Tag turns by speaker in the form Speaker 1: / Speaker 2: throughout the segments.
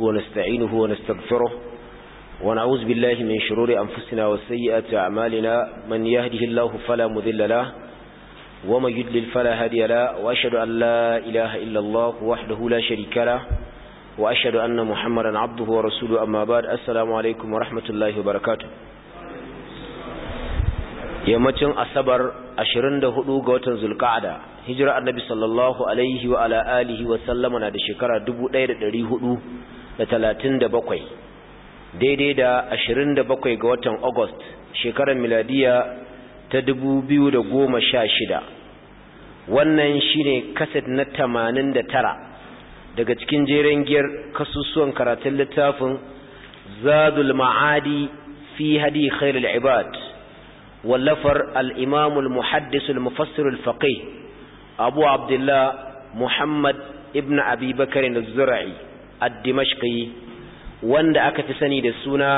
Speaker 1: ونستعينه ونستغفره ونعوذ بالله من شرور أنفسنا
Speaker 2: وسيئات أعمالنا من يهده الله فلا مذل له ومن يدلل فلا هادي له وأشهد أن لا إله إلا الله وحده لا شريك له وأشهد أن محمدا عبده ورسوله أما بعد السلام عليكم ورحمة الله وبركاته yammacin asabar 24 ga watan zulka'ada hijira annabi sallallahu alaihi wa ala alihi wa sallama na da shekara 1400 da talatin da bakwai daidai da ashirin da bakwai ga watan august shekarar miladiya ta dubu biyu da goma sha shida wannan shine kaset na tamanin da tara daga cikin jeren giyar kasusuwan karatun littafin zadul ma'adi fi hadi khairul ibad wallafar al'imamul muhaddisul mufassirul faƙi abu abdullah muhammad ibn abi bakarin zura'i ad-dimashqi wanda aka fi sani da suna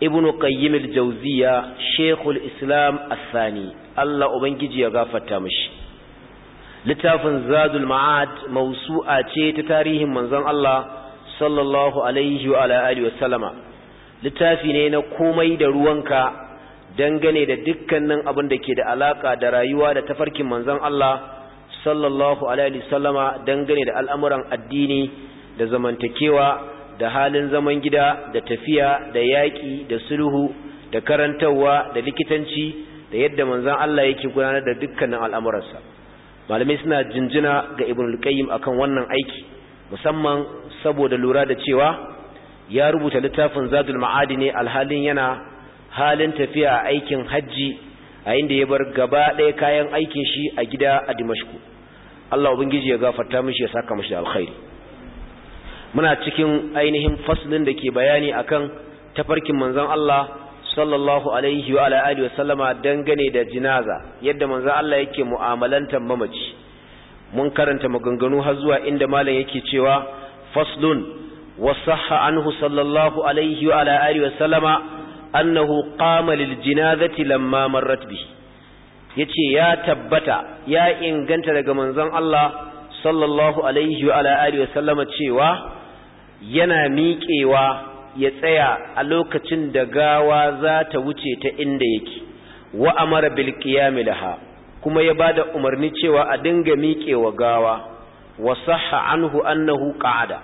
Speaker 2: ibnu qayyim Jauziya, jawziya shaykhul islam as-sani Allah ubangiji ya gafarta mishi littafin zadul ma'ad mausu'a ce ta tarihin manzon Allah sallallahu alaihi wa ala littafi ne na komai da ruwanka dangane da dukkanin abin da ke da alaƙa da rayuwa da tafarkin manzon Allah sallallahu alaihi wa sallama dangane da al'amuran addini da zamantakewa da halin zaman gida da tafiya da yaƙi da sulhu da karantarwa da likitanci da yadda manzan Allah yake gudanar da dukkanin al'amuransa malamai suna jinjina ga ibn al-qayyim akan wannan aiki musamman saboda lura da cewa ya rubuta littafin zadul ma'adi ne alhalin yana halin tafiya a aikin hajji a inda ya bar gaba ɗaya kayan aikin shi a gida a dimashku Allah ubangiji ya gafarta mishi ya saka mishi da alkhairi muna cikin ainihin faslin da ke bayani akan tafarkin manzon Allah sallallahu alaihi wa alihi wa sallama dangane da jinaza yadda manzon Allah yake mu'amalantar mamaci mun karanta maganganu har zuwa inda malam yake cewa faslun وصح عنه صلى الله عليه وعلى آله وسلم أنه قام للجنازة لما مرت به yace ya tabbata ya inganta daga manzon Allah sallallahu alaihi wa alihi wa sallama cewa yana miƙewa ya tsaya a lokacin da gawa za ta wuce ta inda yake wa amara bil qiyam laha kuma ya bada umarni cewa a dinga miƙewa gawa wa sahha anhu annahu qa'ada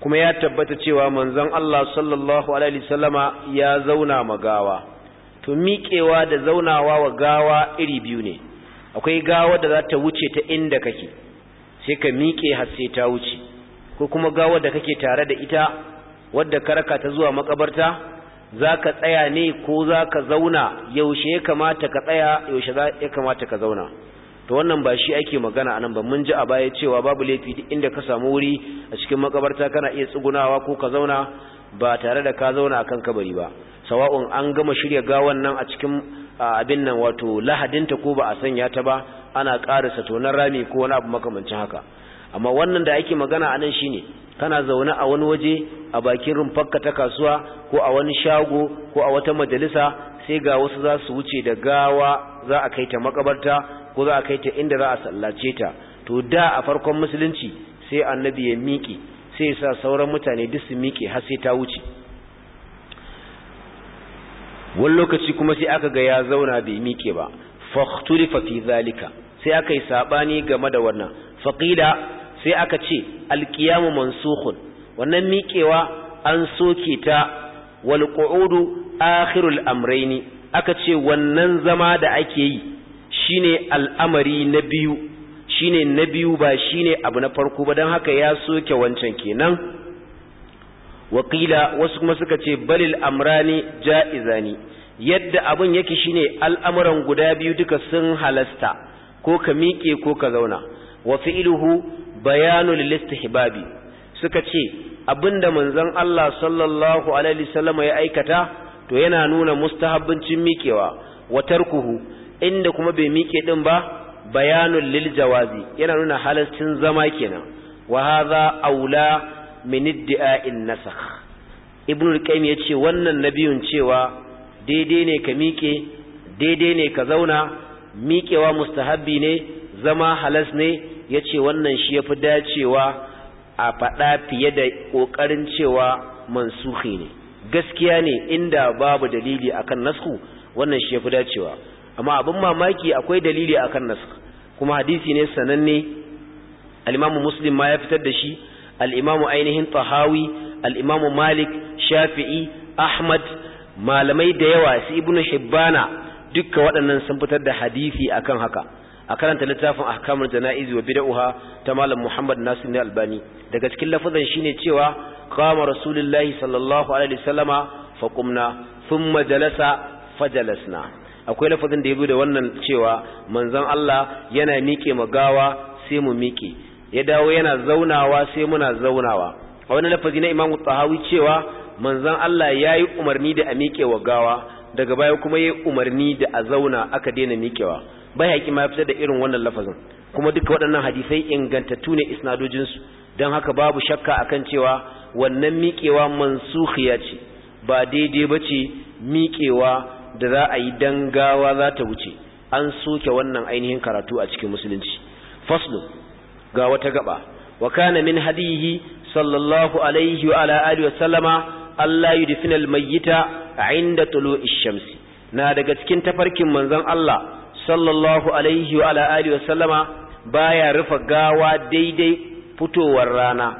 Speaker 2: kuma ya tabbata cewa manzon Allah sallallahu alaihi wasallama ya zauna magawa to miƙewa da zaunawa wa gawa iri biyu ne akwai gawa da za ta wuce ta inda kake sai ka miƙe har sai ta wuce ko kuma gawar da kake tare da ita wadda ka raka ta zuwa makabarta za ka tsaya ne ko za ka zauna yaushe ya kamata ka tsaya yaushe ya kamata ka zauna to wannan ba shi ake magana a nan ba mun ji a baya cewa babu laifi duk inda ka samu wuri a cikin makabarta kana iya tsugunawa ko ka zauna ba tare da ka zauna akan kabari ba sawa'un an gama shirya gawan nan a cikin abin nan wato lahadinta ko ba a sanya ta ba ana ƙarisa na rami ko wani abu makamancin haka amma wannan da ake magana anan ne, kana zaune a wani waje a bakin rumfarka ta kasuwa ko a wani shago ko a wata majalisa sai ga wasu za su wuce da gawa za a kai ta makabarta ko za a kai ta inda za a sallace ta to da a farkon musulunci sai annabi ya miƙe sai sa sauran mutane duk su miƙe har sai ta wuce wani lokaci kuma sai aka ga ya zauna bai miƙe ba fa fi zalika sai aka yi saɓani game da wannan faqila sai aka ce alkiyamu mansukhun wannan miƙewa an soke ta wal qu'udu akhirul amrayni aka ce wannan zama da ake yi shine al'amari na biyu shine na biyu ba shine abu na farko ba dan haka ya soke wancan kenan wakila wasu kuma suka ce balil amrani ja'izani yadda abun yake shine al'amuran guda biyu duka sun halasta ko ka miƙe ko ka zauna wa fi'iluhu bayanu lil istihbabi suka ce abinda manzon Allah sallallahu alaihi wasallam ya aikata to yana nuna mustahabbincin miƙewa wa tarkuhu inda kuma bai miƙe din ba bayanu lil jawazi yana nuna halascin zama kenan wa hadha aula min in nasakh ibnu al-qayyim yace wannan nabiyun cewa daidai ne ka miƙe daidai ne ka zauna miƙewa mustahabbi ne zama halas ne ya ce wannan shi ya fi dacewa a faɗa fiye da ƙoƙarin cewa mansuhi ne gaskiya ne inda babu dalili akan nasku wannan shi ya fi dacewa amma abin mamaki akwai dalili akan nasku kuma hadisi ne sananne al'imamu muslim ma ya fitar da shi al'imamu ainihin tahawi al'imamu malik shafi'i ahmad malamai da yawa su ibnu hibbana dukka waɗannan sun fitar da hadisi akan haka a karanta littafin ahkamul janaiz wa bid'aha ta malam Muhammad Nasir ne Albani daga cikin lafazan shine cewa qama rasulullahi sallallahu alaihi wasallama fa qumna thumma jalasa jalasna akwai lafazin da yazo da wannan cewa manzon Allah yana miƙe magawa sai mu miƙe ya dawo yana zaunawa sai muna zaunawa a wani lafazi na Imam Tahawi cewa manzon Allah yayi umarni da a miƙe wa gawa daga baya kuma yayi umarni da a zauna aka daina miƙewa bayhaqi ma ya fitar da irin wannan lafazin kuma duka waɗannan hadisai ingantattu ne isnadojinsu don haka babu shakka akan cewa wannan miƙewa mansukhiya ce ba daidai ba ce miƙewa da za a yi don gawa za ta wuce an soke wannan ainihin karatu a cikin musulunci faslu ga wata gaba wa kana min hadihi sallallahu alaihi wa ala alihi wa sallama Allah yudfina almayyita inda tulu'i shamsi na daga cikin tafarkin manzon Allah sallallahu alaihi wa alihi wa sallama baya rufe gawa daidai fitowar rana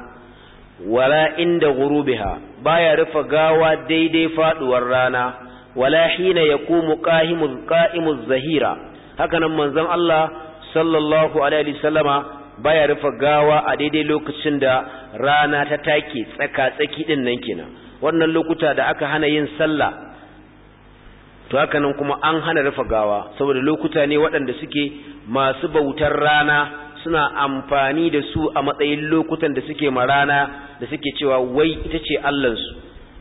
Speaker 2: wala inda gurubiha baya rufe gawa daidai faduwar rana wala hina yaqumu qahimul qa'imuz zahira haka nan manzon Allah sallallahu alaihi wa sallama baya rufe gawa a daidai lokacin da rana ta take tsaka tsaki din nan kenan wannan lokuta da aka hana yin sallah to haka nan kuma an hana rufe gawa saboda lokuta ne waɗanda suke masu bautar rana suna amfani da su a matsayin lokutan da suke marana rana da suke cewa wai ita ce allansu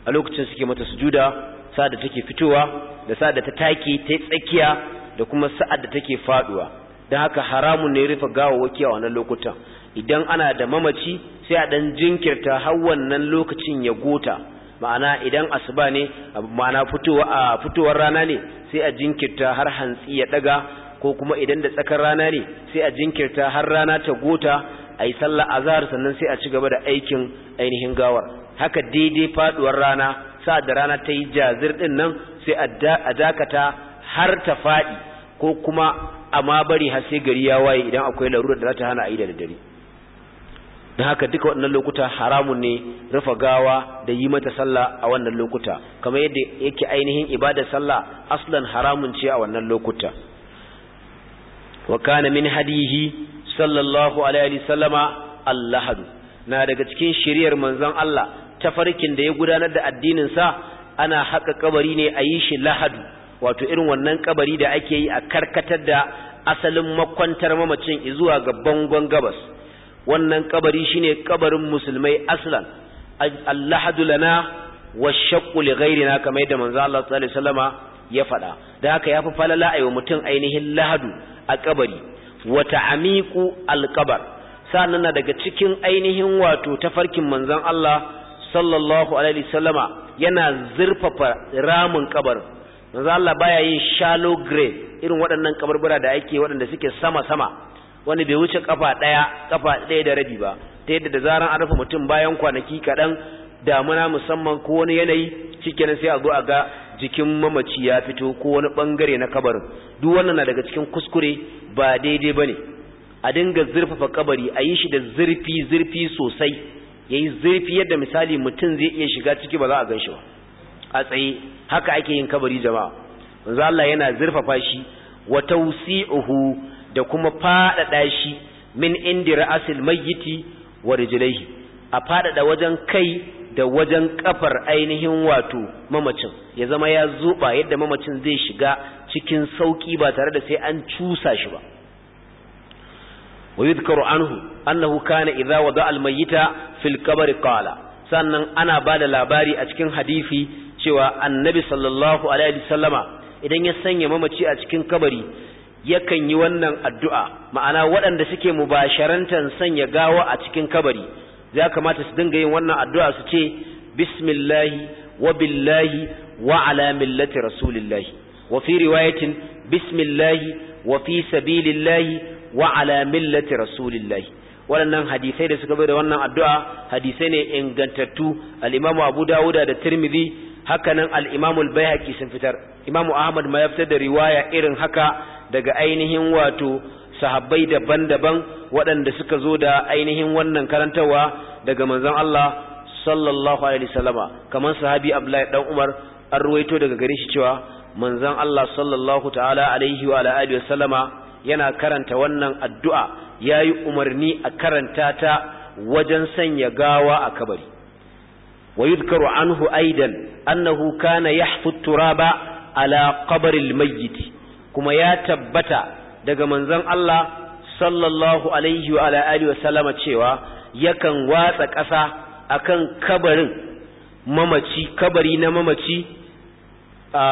Speaker 2: a lokacin suke mata sujuda sa da take fitowa da sa da ta take ta tsakiya da kuma sa'ad da take faduwa don haka haramun ne rufe waki a wannan lokutan idan ana da mamaci sai a dan jinkirta har wannan lokacin ya gota ma'ana idan asuba ne ma'ana fitowa fitowar rana ne sai a jinkirta har hantsi ya daga ko kuma idan da tsakar rana ne sai a jinkirta har rana ta gota ayi sallar azhar sannan sai a ci gaba da aikin ainihin gawar haka daidai faduwar rana sa da rana ta yi jazir ɗin nan sai a dakata har ta faɗi ko kuma amma bari har sai gari ya waye idan akwai larura da za ta hana a yi da dare Na haka duka waɗannan lokuta haramun ne rufa gawa da yi mata sallah a wannan lokuta kamar yadda yake ainihin ibada sallah aslan haramun ce a wannan lokuta wa kana min hadihi sallallahu alaihi sallama allahadu na daga cikin shiriyar manzon Allah ta farkin da ya gudanar da addinin sa ana haka kabari ne a yi shi lahadu wato irin wannan kabari da ake yi a karkatar da asalin makwantar mamacin zuwa ga bangon gabas wannan kabari shine kabarin musulmai aslan allahadu lana wa shaqqu li ghairina kamar yadda manzo Allah sallallahu alaihi wasallama ya faɗa da haka yafi falala ayo mutum ainihin lahadu a kabari wa ta'miqu alqabar sannan na daga cikin ainihin wato tafarkin manzon Allah sallallahu alaihi wasallama yana zurfafa ramin kabarin manzo Allah baya yin shallow grave irin waɗannan kabarbura da ake waɗanda suke sama sama wani bai wuce kafa daya kafa daya da rabi ba ta yadda da zaran an rufe mutum bayan kwanaki kaɗan damuna musamman ko wani yanayi cikin sai a zo a ga jikin mamaci ya fito ko wani bangare na kabarin duk wannan na daga cikin kuskure ba daidai ba ne a dinga zurfafa kabari a yi shi da zurfi zurfi sosai yayi zurfi yadda misali mutum zai iya shiga ciki ba za a ganshi ba a tsaye haka ake yin kabari jama'a manzo Allah yana zurfafa shi wa tawsi'uhu da kuma faɗaɗa shi min indi ra'asil mayyiti wa rijlaihi a faɗaɗa wajen kai da wajen kafar ainihin wato mamacin ya zama ya zuba yadda mamacin zai shiga cikin sauki ba tare da sai an cusa shi ba wa yudhkaru anhu annahu kana idza wada al mayyita fil qabr qala sannan ana ba da labari a cikin hadisi cewa annabi sallallahu alaihi wasallama idan ya sanya mamaci a cikin kabari yakan yi wannan addu'a ma'ana waɗanda suke mubasharantan sanya gawa a cikin kabari ya kamata su dinga yin wannan addu'a su ce bismillahi wa billahi wa ala millati rasulillahi wa fi riwayatin bismillahi wa fi sabilillahi wa millati rasulillahi waɗannan hadisai da suka bai da wannan addu'a hadisai ne ingantattu al'imamu abu dawuda da tirmidhi hakanan al'imamu al-bayhaqi sun fitar imamu ahmad ma ya fitar da riwaya irin haka daga ainihin wato sahabbai daban-daban waɗanda suka zo da ainihin wannan karantarwa daga manzon Allah sallallahu alaihi wasallama kamar sahabi Abdullahi dan Umar an ruwaito daga gare shi cewa manzon Allah sallallahu ta'ala alaihi wa alihi wasallama yana karanta wannan addu'a yayi umarni a karanta ta wajen sanya gawa a kabari wa yudkaru anhu aidan annahu kana yahfu turaba ala qabri al-mayyit kuma ya tabbata daga manzon Allah sallallahu alaihi wa alihi wa sallama cewa yakan watsa ƙasa akan kabarin mamaci kabari na mamaci a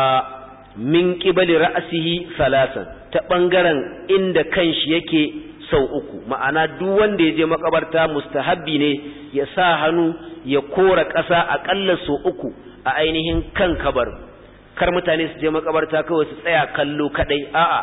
Speaker 2: min qibali ra'sihi salasan ta bangaren inda kanshi yake sau uku ma'ana duk wanda ya je makabarta mustahabbi ne ya sa hannu ya kora ƙasa aƙalla sau uku a ainihin kan kabarin kar mutane su je makabarta kawai su tsaya kallo kadai a'a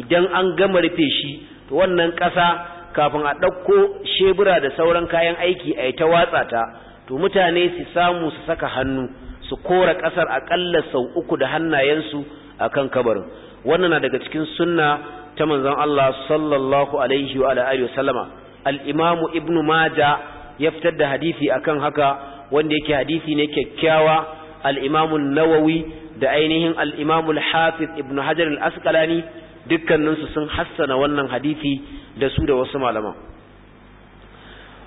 Speaker 2: idan an gama rufe shi to wannan ƙasa kafin a ɗauko shebura da sauran kayan aiki a ta watsa ta to mutane su samu su saka hannu su kora ƙasar aƙalla sau uku da hannayensu a kan kabarin wannan na daga cikin sunna ta manzon Allah sallallahu alaihi wa alihi wa sallama al-imamu ibnu maja ya fitar da hadisi akan haka wanda yake hadisi ne kyakkyawa al-imamu nawawi da ainihin al al-Hafiz Ibn Hajar al-Asqalani dukkaninsu sun hassana wannan hadisi da su da wasu malaman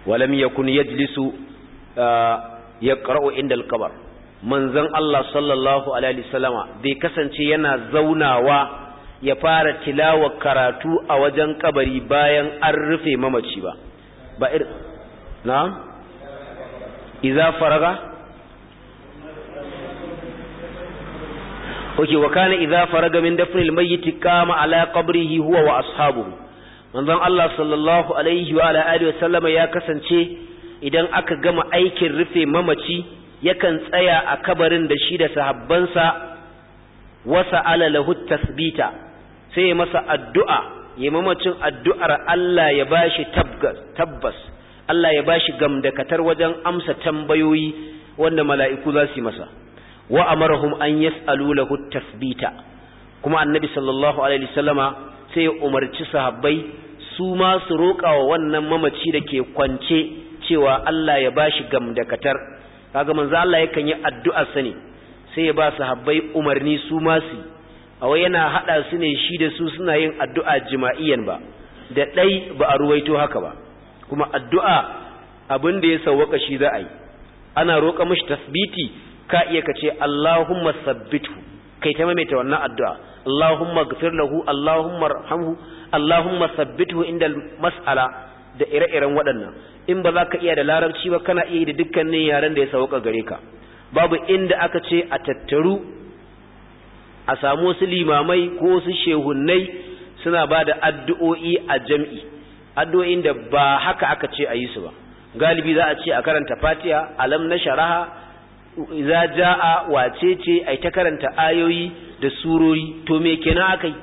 Speaker 2: walam yakun yajlisu uh, yaqra'u inda al-qabr manzon Allah sallallahu alaihi wasallama bai kasance yana zaunawa ya fara tilawa karatu a wajen kabari bayan an rufe mamaci ba ba na iza faraga oke wa kana idza faraga min dafnil mayyit kama ala qabrihi huwa wa ashabuhu manzon Allah sallallahu alaihi wa ala alihi wa sallama ya kasance idan aka gama aikin rufe mamaci yakan tsaya a kabarin da shi da sahabbansa wasa ala lahu tasbita sai ya masa addu'a ya mamacin addu'ar Allah ya bashi tabbas Allah ya bashi gamdakatar wajen amsa tambayoyi wanda mala'iku za su yi masa wa amarahum an yas'alu lahu tasbita kuma annabi sallallahu alaihi wasallama sai ya umarci sahabbai su ma su roƙa wa wannan mamaci da ke kwance cewa Allah ya bashi gamdakatar kaga manzo Allah yakan yi addu'a sani sai ya ba sahabbai umarni su ma su a wai yana hada su ne shi da su suna yin addu'a jima'iyan ba da dai ba a ruwaito haka ba kuma addu'a abin da ya sauwaƙa shi za a yi ana roƙa mishi tasbiti ka iya ka ce Allahumma sabbitu. kai ta maimaita wannan addu'a Allahumma gfir lahu Allahumma rahamhu Allahumma sabbitu inda mas'ala da ire-iren waɗannan in ba za ka iya da larabci ba kana iya da dukkanin yaren da ya sauka gare ka babu inda aka ce a tattaru a samu wasu limamai ko wasu shehunnai suna ba da addu'o'i a jam'i addu'o'in da ba haka aka ce a yi su ba galibi za a ce a karanta fatiha alam na sharaha iza jaa wace ce ai ta karanta ayoyi da surori to me kenan yi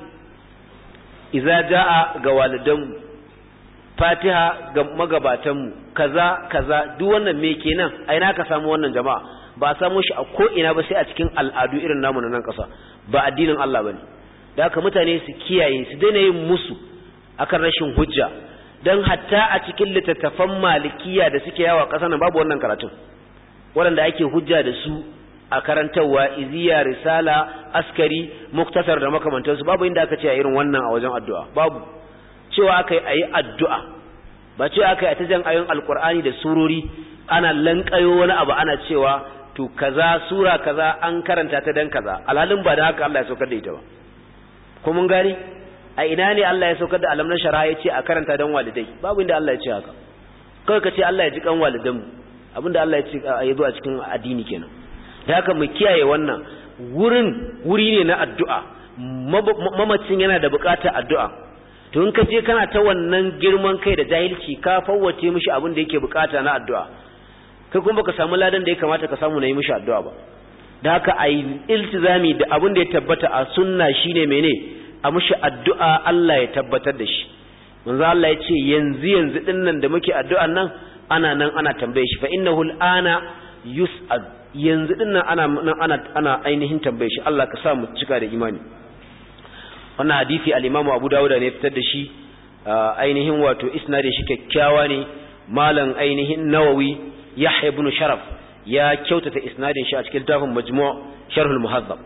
Speaker 2: iza jaa ga walidanmu fatiha ga magabatanmu kaza kaza duk wannan me kenan ai na ka samu wannan jama'a ba a samu shi a ko ina ba sai a cikin al'adu irin namu na nan kasa ba addinin Allah bane da haka mutane su kiyaye su daina yin musu akan rashin hujja dan hatta a cikin littattafan malikiya da suke yawa kasa nan babu wannan karatun waɗanda ake hujja da su a karantarwa iziya risala askari muktasar da makamantarsu babu inda aka ce a irin wannan a wajen addu'a babu cewa aka yi a yi addu'a ba cewa aka yi a ta jan ayon alkur'ani da surori ana lankayo wani abu ana cewa to kaza sura kaza an karanta ta dan kaza alhalin ba da haka Allah ya saukar da ita ba ko mun gani a ina ne Allah ya saukar da alamnan shara ya ce a karanta dan walidai babu inda Allah ya ce haka kawai ka ce Allah ya ji kan walidanmu abinda Allah ya ce ya zo a cikin addini kenan da haka mu kiyaye wannan wurin wuri ne na addu'a mamacin yana da bukatar addu'a to in ka je kana ta wannan girman kai da jahilci ka fawwace mishi abin da yake bukata na addu'a kai kuma baka samu ladan da ya kamata ka samu na yi mishi addu'a ba da haka a yi iltizami da abin da ya tabbata a sunna shine mene a mishi addu'a Allah ya tabbatar da shi manzo Allah ya yanzu yanzu din da muke addu'an nan ana nan ana tambaye shi fa innahu al'ana yus'al yanzu dinnan ana nan ana ana ainihin tambaye shi Allah ka sa mu cika da imani wannan hadisi al-Imam Abu Dawud ne fitar da shi ainihin wato isnadin shi kyakkyawa ne malam ainihin Nawawi Yahya ibn Sharaf ya kyautata isnadin shi a cikin tafin Majmu' Sharh al-Muhazzab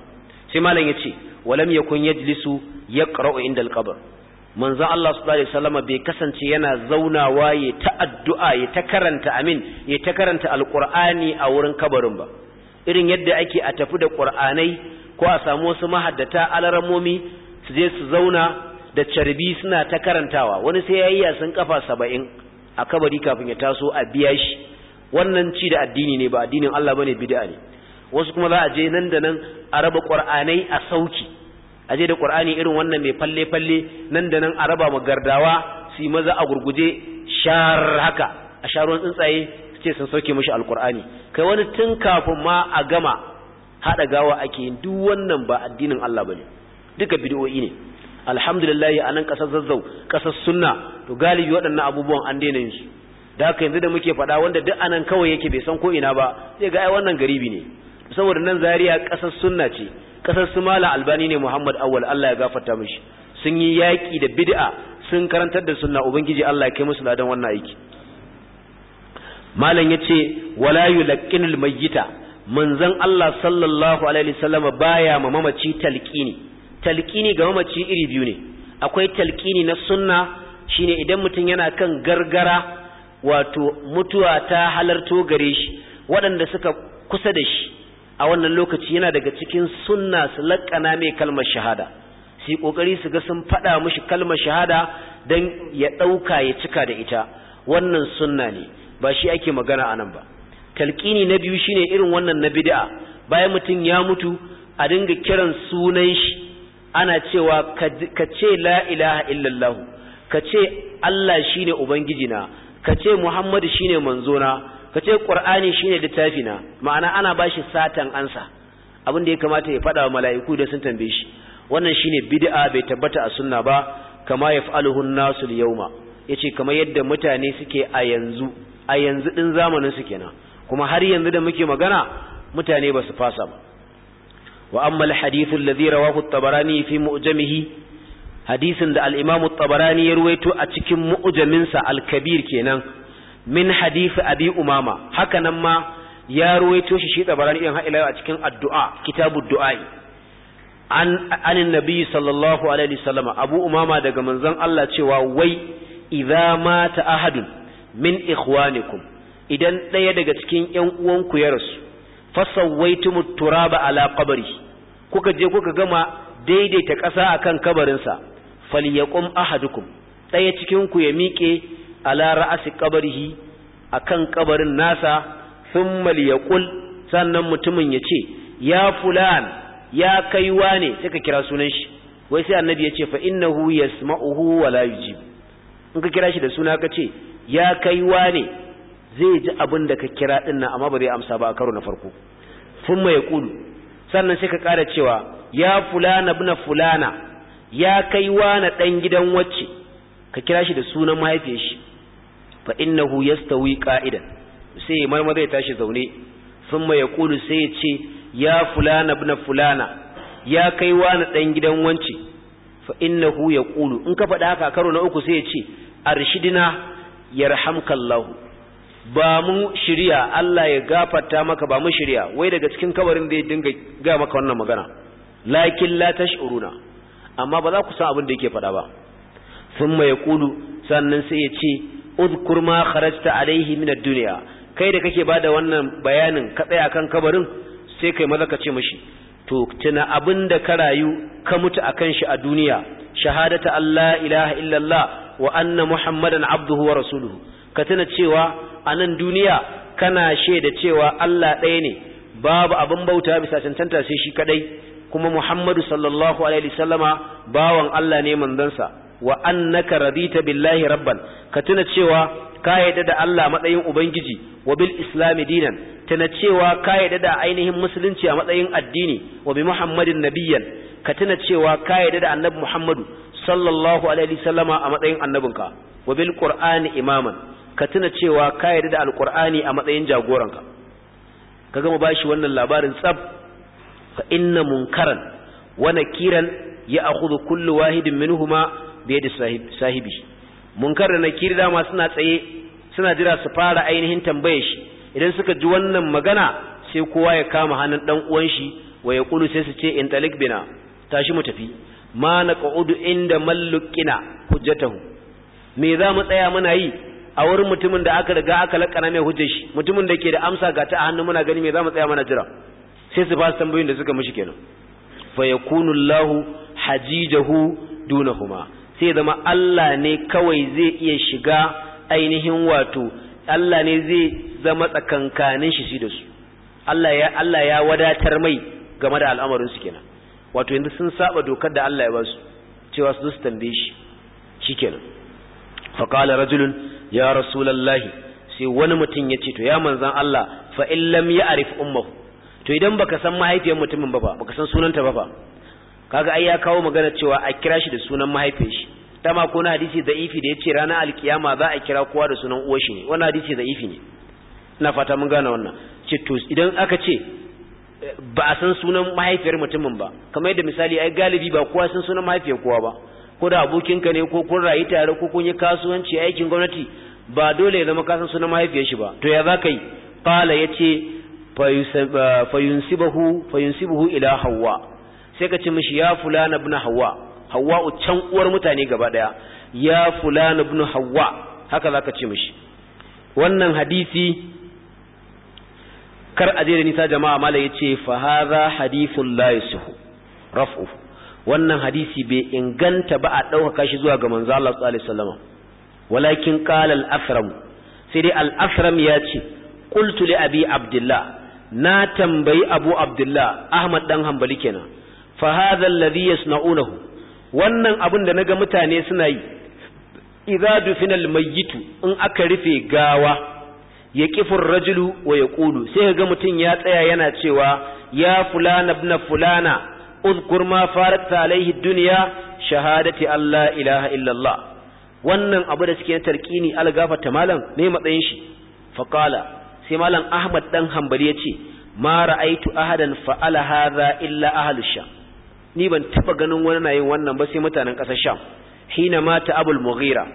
Speaker 2: sai malam yace walam yakun yajlisu yaqra'u inda al-qabr manzo Allah sallallahu alaihi wasallam bai kasance yana zaunawa ya ta addu'a ya ta karanta amin ya ta karanta alqur'ani a wurin kabarin ba irin yadda ake a tafi da qur'anai ko a samu wasu mahaddata alaramomi su je su zauna da carbi suna ta karantawa wani sai yayi san kafa 70 a kabari kafin ya taso a biya shi wannan ci da addini ne ba addinin Allah bane bid'a ne wasu kuma za a je nan da nan a raba qur'anai a sauki aje da qur'ani irin wannan mai falle falle nan da nan a raba ma gardawa su maza a gurguje shar haka a sharuwan tsuntsaye su ce sun sauke mishi alqur'ani kai wani tun kafin ma a gama hada gawa ake yin duk wannan ba addinin Allah bane duka bid'o'i ne alhamdulillah a nan kasar zazzau kasar sunna to galibi waɗannan abubuwan an daina yin su da haka yanzu da muke faɗa wanda duk anan kawai yake bai san ko ina ba sai ga ai wannan garibi ne saboda nan Zariya, kasar sunna ce kasar su mala albani ne Muhammad Awwal Allah ya gafarta mishi sun yi yaki da bid'a sun karantar da sunna ubangiji Allah ya kai musu ladan wannan aiki malam yace wala yulqinul mayyita manzon Allah sallallahu alaihi wasallam baya ma mamaci talqini talqini ga mamaci iri biyu ne akwai talqini na sunna shine idan mutum yana kan gargara wato mutuwa ta halarto gare shi waɗanda suka kusa da shi a wannan lokaci yana daga cikin sunna su lakana mai kalmar shahada su kokari su ga sun faɗa mishi kalmar shahada don ya ɗauka ya cika da ita wannan sunna ne ba shi ake magana a nan ba talƙini na biyu shine irin wannan na bid'a bayan mutum ya mutu a dinga kiran sunan shi ana cewa ka ce la ilaha illallah ka ce Allah shine ubangijina ka ce Muhammadu shine manzona Ka ce ƙwar'ani shi ne na ma'ana ana bashi satan ansa abin da ya kamata ya fada wa mala'iku da sun tambaye shi wannan shi ne bid'a bai tabbata a sunna ba kama fi alhun nasu al ya ce kama yadda mutane suke a yanzu a yanzu ɗin zamanin su kenan kuma har yanzu da muke magana mutane ba su fasa ba wa amma al alladhi rawahu at-tabarani fi mu'jamihi hadisin da al-imam at-tabarani ya ruwaito a cikin mu'ujaminsa al-kabir kenan min hadisi abi umama haka nan ma ya ruwaito shi shi tabarani idan har ila a cikin addu'a kitabud du'ai an anin sallallahu alaihi wasallam abu umama daga manzon Allah cewa wai idza mata ahadun min ikhwanikum idan ɗaya daga cikin ƴan uwanku ya rasu fasawaitumut turaba ala qabri kuka je kuka gama daidaita ƙasa akan kabarinsa falyaqum ahadukum ɗaya cikin ku ya miƙe ala ra'asi qabrihi akan kabarin nasa thumma liyaqul sannan mutumin yace ce ya fulan ya kaiwa ne sai kira sunan shi wai sai annabi ya ce fa innahu yasma'uhu wa la yujib in ka kira shi da suna ka ce ya kaiwa ne zai ji abin da ka kira din nan amma ba zai amsa ba a karo na farko thumma yaqul sannan sai ka kara cewa ya fulana ibn fulana ya kaiwa na dan gidan wacce ka kira shi da sunan mahaifiyar shi fa innahu yastawi qa'idan sai marmari ya tashi zaune sun ya yaqulu sai ya ce ya fulana ibn fulana ya kai wani dan gidan wance fa innahu yaqulu in ka faɗa haka karo na uku sai ya ce arshidina yarhamkallahu ba mu shirya Allah ya gafarta maka ba mu shirya wai daga cikin kabarin zai dinga ga maka wannan magana lakin la tash'uruna amma ba za ku san abin da yake faɗa ba sun ya kulu sannan sai ya ce udkur ma kharajta alaihi min ad-dunya kai da kake bada wannan bayanin ka tsaya kan kabarin sai kai maza ka ce mishi to tuna abinda ka rayu ka mutu akan shi a duniya shahadata Allah ilaha illallah wa anna muhammadan abduhu wa rasuluhu ka tuna cewa a nan duniya kana shaida cewa Allah ɗaya ne babu abin bauta bisa cancanta sai shi kadai kuma Muhammadu sallallahu alaihi wasallama bawan Allah ne manzansa wa annaka radita billahi rabban ka tuna cewa ka yarda da Allah matsayin ubangiji wa bil islami dinan tuna cewa ka yadda da ainihin musulunci a matsayin addini wa bi muhammadin nabiyyan ka tuna cewa ka yadda da annabi muhammadu sallallahu alaihi wasallama a matsayin annabinka wa bil qur'ani imaman ka tuna cewa ka yarda da alqur'ani a matsayin jagoranka ka gama bashi wannan labarin tsab fa inna munkaran wa nakiran ya akhudhu kullu wahidin minhumma biye da sahibi munkar da nakiri dama suna tsaye suna jira su fara ainihin tambaye shi idan suka ji wannan magana sai kowa ya kama hannun dan uwan shi wa ya kulu sai su ce in talik bina tashi mu tafi ma qa'udu inda mallukina hujjatahu me za mu tsaya muna yi a wurin mutumin da aka riga aka lakana mai hujjar shi mutumin da ke da amsa ga ta a hannu muna gani me za mu tsaya mana jira sai su ba su tambayoyin da suka mishi kenan fa yakunu Allahu hajijahu dunahuma sai zama Allah ne kawai zai iya shiga ainihin wato Allah ne zai zama tsakankanin shi da su Allah ya Allah ya wadatar mai game da al'amarin su kenan wato yanzu sun saba dokar da Allah ya basu cewa su su tambaye shi shikenan fa qala rajulun ya rasulullahi sai wani mutum ya ce to ya manzan Allah fa in lam ya'rif ummuhu to idan baka san mahaifiyar mutumin ba ba baka san sunanta ba fa kaga ai ya kawo magana cewa a kira shi da sunan mahaifin shi ma ko na hadisi da ifi da yace ranar alkiyama za a kira kowa da sunan uwar shi ne wannan hadisi da ifi ne ina fata mun gane wannan ce to idan aka ce eh, ba a san sunan mahaifiyar mutumin ba kamar yadda misali ai galibi ba kowa san sunan mahaifiyar kowa ba ko da abokinka ne ko kun rayu tare ko kun yi kasuwanci aikin gwamnati ba dole ya zama kasan sunan mahaifiyar shi ba to ya za ka yi qala yace eh, fayunsibahu ila hawa sai ka ce mishi ya fulana ibn hawa hawa can uwar mutane gaba daya ya fulana hawa haka zaka ci mishi wannan hadisi kar je da nisa jama'a mala yace fa hadha hadithul la raf'u wannan hadisi bai inganta ba a ɗaukaka shi zuwa ga manzo Allah sallallahu alaihi walakin qala al-afram sai dai al-afram ya ce qultu li abi abdullah na tambayi abu abdullah ahmad dan hanbali kenan fa hadha alladhi wannan abin da naga mutane suna yi idza dufina almayyitu in aka rufe gawa ya kifin rajulu wa ya ƙulu sai ga mutum ya tsaya yana cewa ya fulana ibn fulana uzkur ma farakta alaihi duniya shahadati Allah ilaha illallah wannan abu da suke tarkini algafata malam ne matsayin shi faqala sai malam Ahmad dan Hanbali yace ma ra'aitu ahadan fa'ala hadha illa ahlus sham ni ban taba ganin wani na yin wannan ba sai mutanen ƙasar sham hina mata abul mughira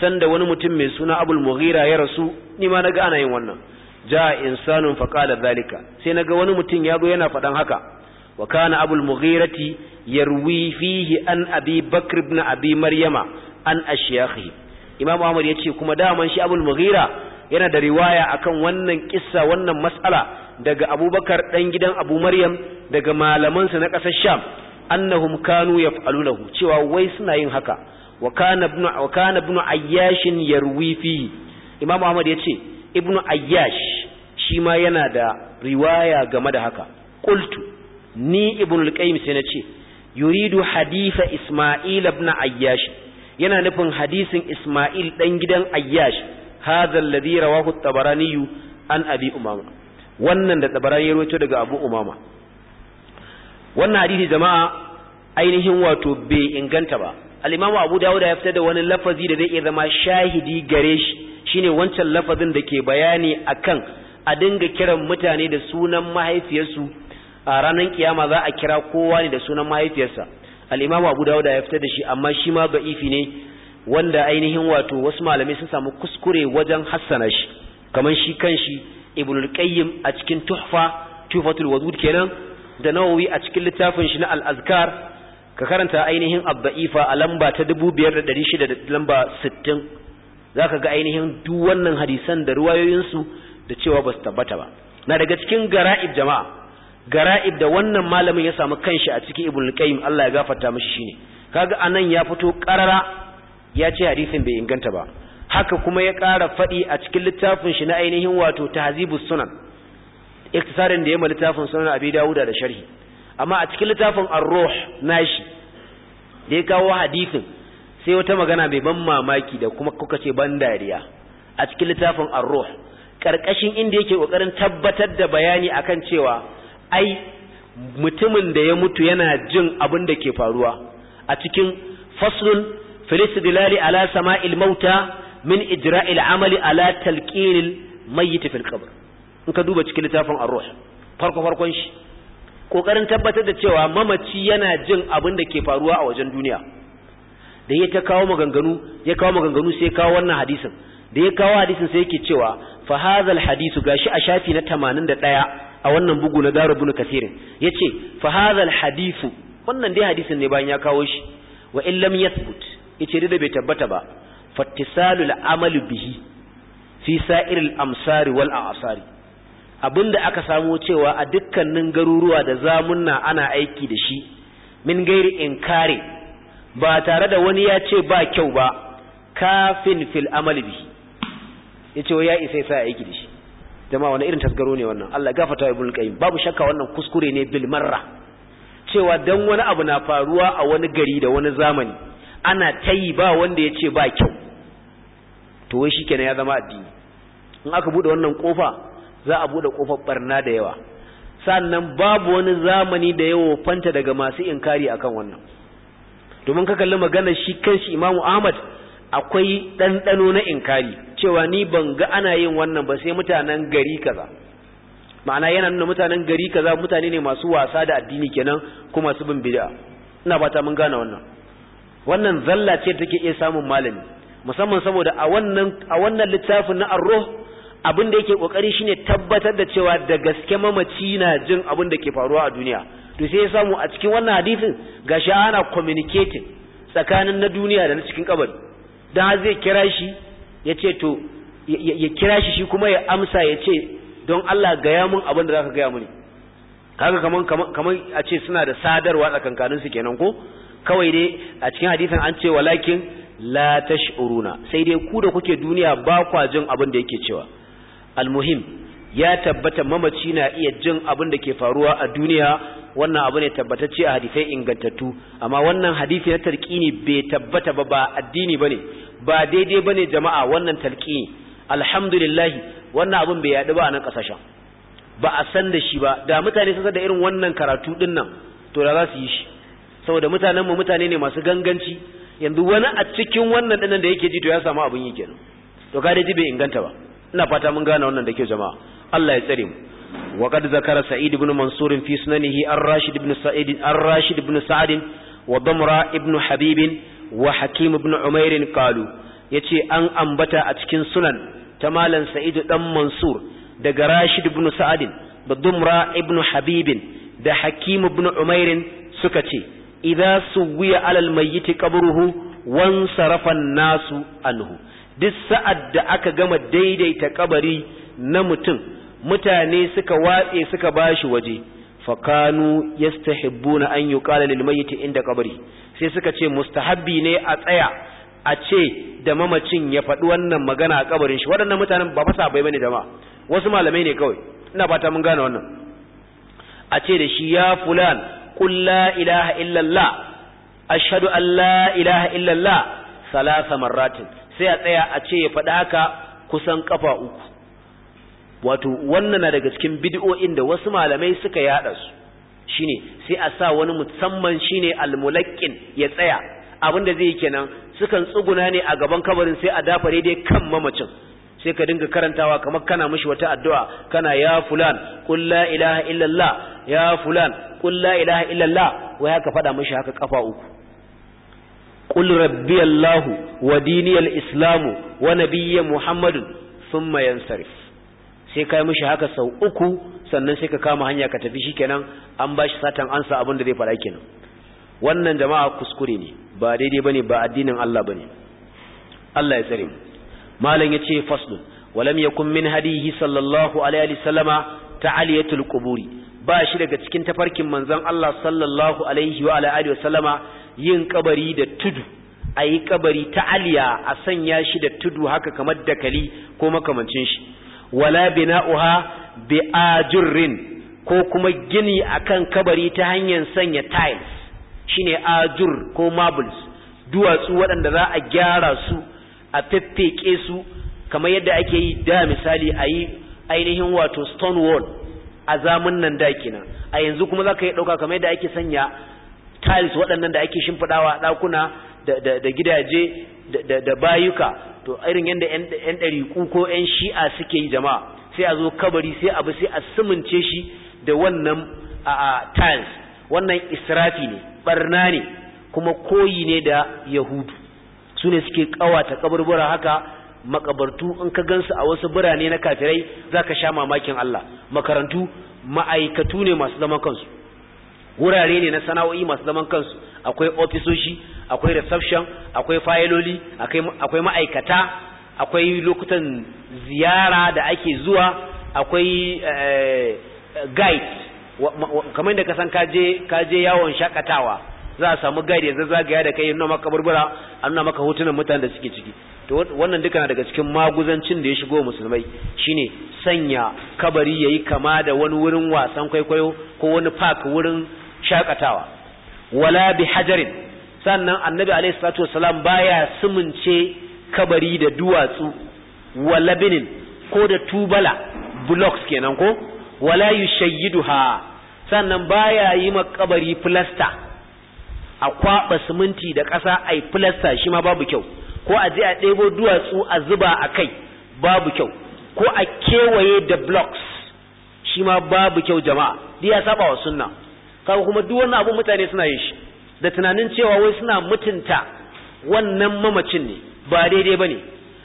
Speaker 2: sanda wani mutum mai suna abul mughira ya rasu ni ma naga ana yin wannan ja insanun fa da zalika sai naga wani mutum ya zo yana faɗan haka wa kana abul mughirati yarwi fihi an abi bakr ibn abi maryama an ashyakhi imam ahmad yace kuma daman shi abul mughira yana da riwaya akan wannan kissa wannan matsala daga abubakar dan gidan abu maryam daga malamansa na ƙasar sham annahum kanu yaf'alunahu cewa wai suna yin haka wa kana ibnu wa kana ibnu ayyash yarwi fi imam ahmad yace ibnu ayyash shi ma yana da riwaya game da haka qultu ni ibnu alqayyim sai nace yuridu haditha isma'il ibn ayyash yana nufin hadisin isma'il dan gidan ayyash hadha alladhi rawahu at-tabarani an abi umama wannan da tabarani ya rawaito daga abu umama wannan hadisi jama'a ainihin wato bai inganta ba al-imamu abu dawud ya fitar da wani lafazi da zai iya zama shahidi gare shi shine wancan lafazin da ke bayani akan a dinga kiran mutane da sunan mahaifiyarsu a ranar kiyama za a kira kowa ne da sunan mahaifiyarsa al-imamu abu dawud ya fitar da shi amma shi ma da'ifi ne wanda ainihin wato wasu malamai sun samu kuskure wajen hassana shi kamar shi kanshi ibnul qayyim a cikin tuhfa tuhfatul wadud kenan da nawawi a cikin littafin shi na al-azkar ka karanta ainihin abba'ifa a lamba ta 5600 lamba 60 zaka ga ainihin duk wannan hadisan da ruwayoyinsu da cewa ba su tabbata ba na daga cikin gara'ib jama'a gara'ib da wannan malamin ya samu kanshi a cikin ibn qayyim Allah ya gafarta mishi shine kaga anan ya fito karara ya ce hadisin bai inganta ba haka kuma ya ƙara faɗi a cikin littafin shi na ainihin wato tahzibus sunan iktisarin da ya ma littafin sunan abi dawuda da sharhi amma a cikin littafin ar-ruh nashi da ya kawo hadisin sai wata magana mai ban mamaki da kuma kuka ce ban dariya a cikin littafin ar-ruh karkashin inda yake kokarin tabbatar da bayani akan cewa ai mutumin da ya mutu yana jin abin da ke faruwa a cikin faslun filistidilali ala sama'il mauta min ijra'il amali ala talqinil mayyit fil qabr in ka duba cikin littafin ar-ruh farko farkon shi kokarin tabbatar da cewa mamaci yana jin abin da ke faruwa a wajen duniya da ya ta kawo maganganu ya kawo maganganu sai kawo wannan hadisin da ya kawo hadisin sai yake cewa fa hadhal hadisu gashi a shafi na 81 a wannan bugu na darubun kasirin yace fa hadhal hadisu wannan dai hadisin ne bayan ya kawo shi wa in lam yathbut yace da bai tabbata ba fattisalul amalu bihi fi sa'iril amsari wal a'sari Abin da aka samo cewa a dukkanin garuruwa da zamunna ana aiki da shi min gairi in kare, ba tare da wani ya ce ba kyau ba kafin fil amali bihi ce ya isa ya aiki da shi jama'a wani irin tasgaro ne wannan Allah gafata ibn qayyim babu shakka wannan kuskure ne bil marra cewa dan wani abu na faruwa a wani gari da wani zamani ana tayi ba wanda ya ce ba kyau to wai shikenan ya zama addini in aka bude wannan kofa za a bude kofar barna da yawa sannan babu wani zamani da yawo fanta daga masu inkari akan wannan domin ka kalli magana shi kanshi Imam Ahmad akwai ɗanɗano na inkari cewa ni ban ga ana yin wannan ba sai mutanen gari kaza ma'ana yana nuna mutanen gari kaza mutane ne masu wasa da addini kenan kuma su bin bid'a ina fata mun gane wannan wannan zalla ce take iya samun malami musamman saboda a wannan a wannan littafin na ar-ruh abin da yake kokari shine tabbatar da cewa da gaske mamaci na jin abin da ke faruwa a duniya to sai ya samu a cikin wannan hadisin gashi ana communicating tsakanin na duniya da na cikin kabar dan zai kira shi ya to ya kira shi shi kuma ya amsa yace ce don Allah gaya mun abin da zaka gaya mun kaga kaman kaman a ce suna da sadarwa tsakankanin su kenan ko kawai dai a cikin hadisin an ce walakin la tash'uruna sai dai ku da kuke duniya ba kwa jin abin da yake cewa almuhim ya tabbata mamaci na iya jin abin da ke faruwa a duniya wannan abu ne tabbatacce a hadisai ingantattu amma wannan hadisi na talqini bai tabbata ba ba addini bane ba daidai bane jama'a wannan talqini alhamdulillah wannan abun bai yadu ba a nan kasashen ba a san da shi ba da mutane sun da irin wannan karatu din nan to da za su yi shi saboda mutanen mu mutane ne masu ganganci yanzu wani a cikin wannan dinnan da yake ji to ya samu abun yi kenan to ka dai ji bai inganta ba ina fata mun gane wannan da ke jama'a Allah ya tsare mu wa qad zakara sa'id ibn mansur fi sunanihi ar-rashid ibn sa'id ar-rashid ibn sa'd wa damra ibn habib wa hakim ibn umair qalu yace an ambata a cikin sunan ta malam sa'id dan mansur daga rashid ibn sa'd da damra ibn habib da hakim ibn umair suka ce idza suwiya alal mayyit qabruhu wan sarafa an-nasu anhu duk sa'ad da aka gama daidaita kabari na mutum mutane suka watse suka bashi waje fakanu yastahibbuna an yuqala lil mayyit inda kabari sai suka ce mustahabbi ne a tsaya a ce da mamacin ya faɗi wannan magana a kabarin shi waɗannan mutanen ba fasa bai bane jama'a wasu malamai ne kawai ina fata mun gane wannan a ce da shi ya fulan qul la ilaha illallah ashhadu an la ilaha illallah salasa marratin sai a tsaya a ce ya faɗa haka kusan ƙafa uku wato wannan na daga cikin bid'o'in da wasu malamai suka yada su shine sai a sa wani musamman shine almulaqqin ya tsaya abinda zai yi kenan sukan tsuguna ne a gaban kabarin sai a dafa daidai kan mamacin sai ka dinga karantawa kamar kana mishi wata addu'a kana ya fulan qul la ilaha illallah ya fulan qul la ilaha illallah wai haka fada mishi haka kafa uku qul rabbiyallahu wa diniyal islamu wa nabiyyi muhammadun thumma yansarif sai kai mishi haka sau uku sannan sai ka kama hanya ka tafi shikenan an bashi satan ansa abin da zai fara kenan wannan jama'a kuskure ne ba daidai bane ba addinin Allah bane Allah ya tsare mu malam yace faslu walam yakun min hadihi sallallahu alaihi wasallama ta'aliyatul quburi ba shi daga cikin tafarkin manzon Allah sallallahu alaihi wa alihi yin kabari da tudu a yi kabari ta aliya a sanya shi da tudu haka kamar dakali ko makamancin shi wala bina'uha bi ajurrin ko kuma gini akan kabari ta hanyar sanya tiles shine ajur ko marbles duwatsu waɗanda za a gyara su a feffeke su kamar yadda ake yi da misali a yi ainihin wato stone wall a zamun nan da kenan a yanzu kuma za ka yi ɗauka kamar yadda ake sanya tiles waɗannan da ake shimfiɗawa a ɗakuna da gidaje da bayuka to irin yadda 'yan ɗariƙu ko 'yan shi'a suke yi jama'a sai a zo kabari sai abu sai a sumince shi da wannan tiles wannan israfi ne barna ne kuma koyi ne da yahudu su ne suke ƙawata kaburbura haka makabartu in ka gansu a wasu birane na kafirai za ka sha mamakin Allah makarantu ma'aikatu ne masu zaman kansu wurare ne na sana'o'i masu zaman kansu akwai ofisoshi akwai reception akwai fayiloli akwai ma'aikata akwai lokutan ziyara da ake zuwa akwai eh, guide kamar da ka san kaje yawon shakatawa za a samu guide yanzu zagaya da kai nuna maka burbura an nuna maka hotunan mutanen da suke ciki to wannan duka na daga cikin maguzancin da ya shigo musulmai shine sanya kabari yayi kama da wani wurin wasan kwaikwayo ko wani park wurin shakatawa
Speaker 1: wala bi hajarin
Speaker 2: sannan annabi alaihi salatu wasalam baya simince kabari da duwatsu wala binin ko da tubala blocks kenan ko wala yushayyiduha sannan baya yi ma kabari plaster a kwaba siminti da ƙasa ai plaster shi ma babu kyau ko a je a ɗebo duwatsu a zuba a kai babu kyau ko a kewaye da blocks shi ma babu kyau jama'a duk ya saba wa sunna kawo kuma duk wannan abu mutane suna yin shi da tunanin cewa wai suna mutunta wannan mamacin ne ba daidai ba ne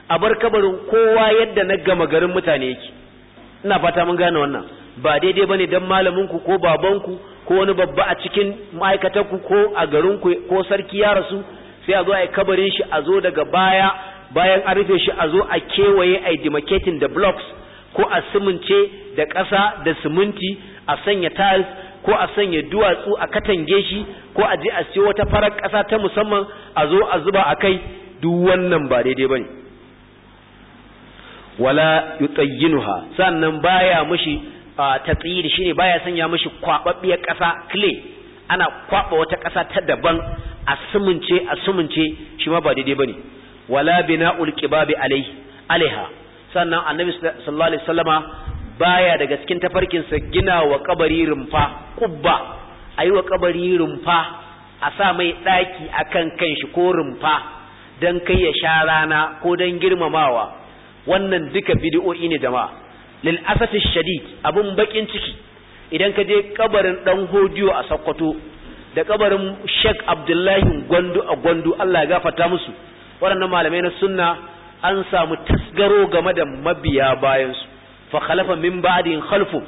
Speaker 2: a bar kabarin kowa yadda na gama garin mutane yake ina fata mun gane wannan ba daidai ba ne don malaminku ko babanku ko wani babba a cikin ma'aikatanku ko a garinku ko sarki ya rasu sai a zo a yi kabarin shi a zo daga baya bayan an rufe shi a zo a kewaye a demarcating da blocks ko a simince da ƙasa da siminti a sanya tiles ko a sanya duwatsu a katange shi ko a je a siyo wata farar ƙasa ta musamman a zo a zuba a kai duk wannan ba daidai ba ne. wala yutayyinuha sannan baya mishi tatsiri shine baya sanya mishi kwababbiyar ƙasa clay ana kwaba wata ƙasa ta daban a sumunce a sumunce shi ma ba daidai ba ne. wala bina qibabi alaiha sannan annabi sallallahu alaihi wasallama baya daga cikin sa gina wa kabari rumfa kubba a yi wa kabari rumfa a sa mai ɗaki a kan kanshi ko rumfa don kai ya sha rana ko don girmamawa wannan duka bidi'o'i ne ma. lil asafi shadid abin bakin ciki idan ka je kabarin dan hodiyo a sakkwato da kabarin sheik abdullahi gwandu a gwandu allah ya gafarta musu waɗannan malamai na sunna an samu tasgaro game da mabiya bayansu fa khalafa min ba'din khalfu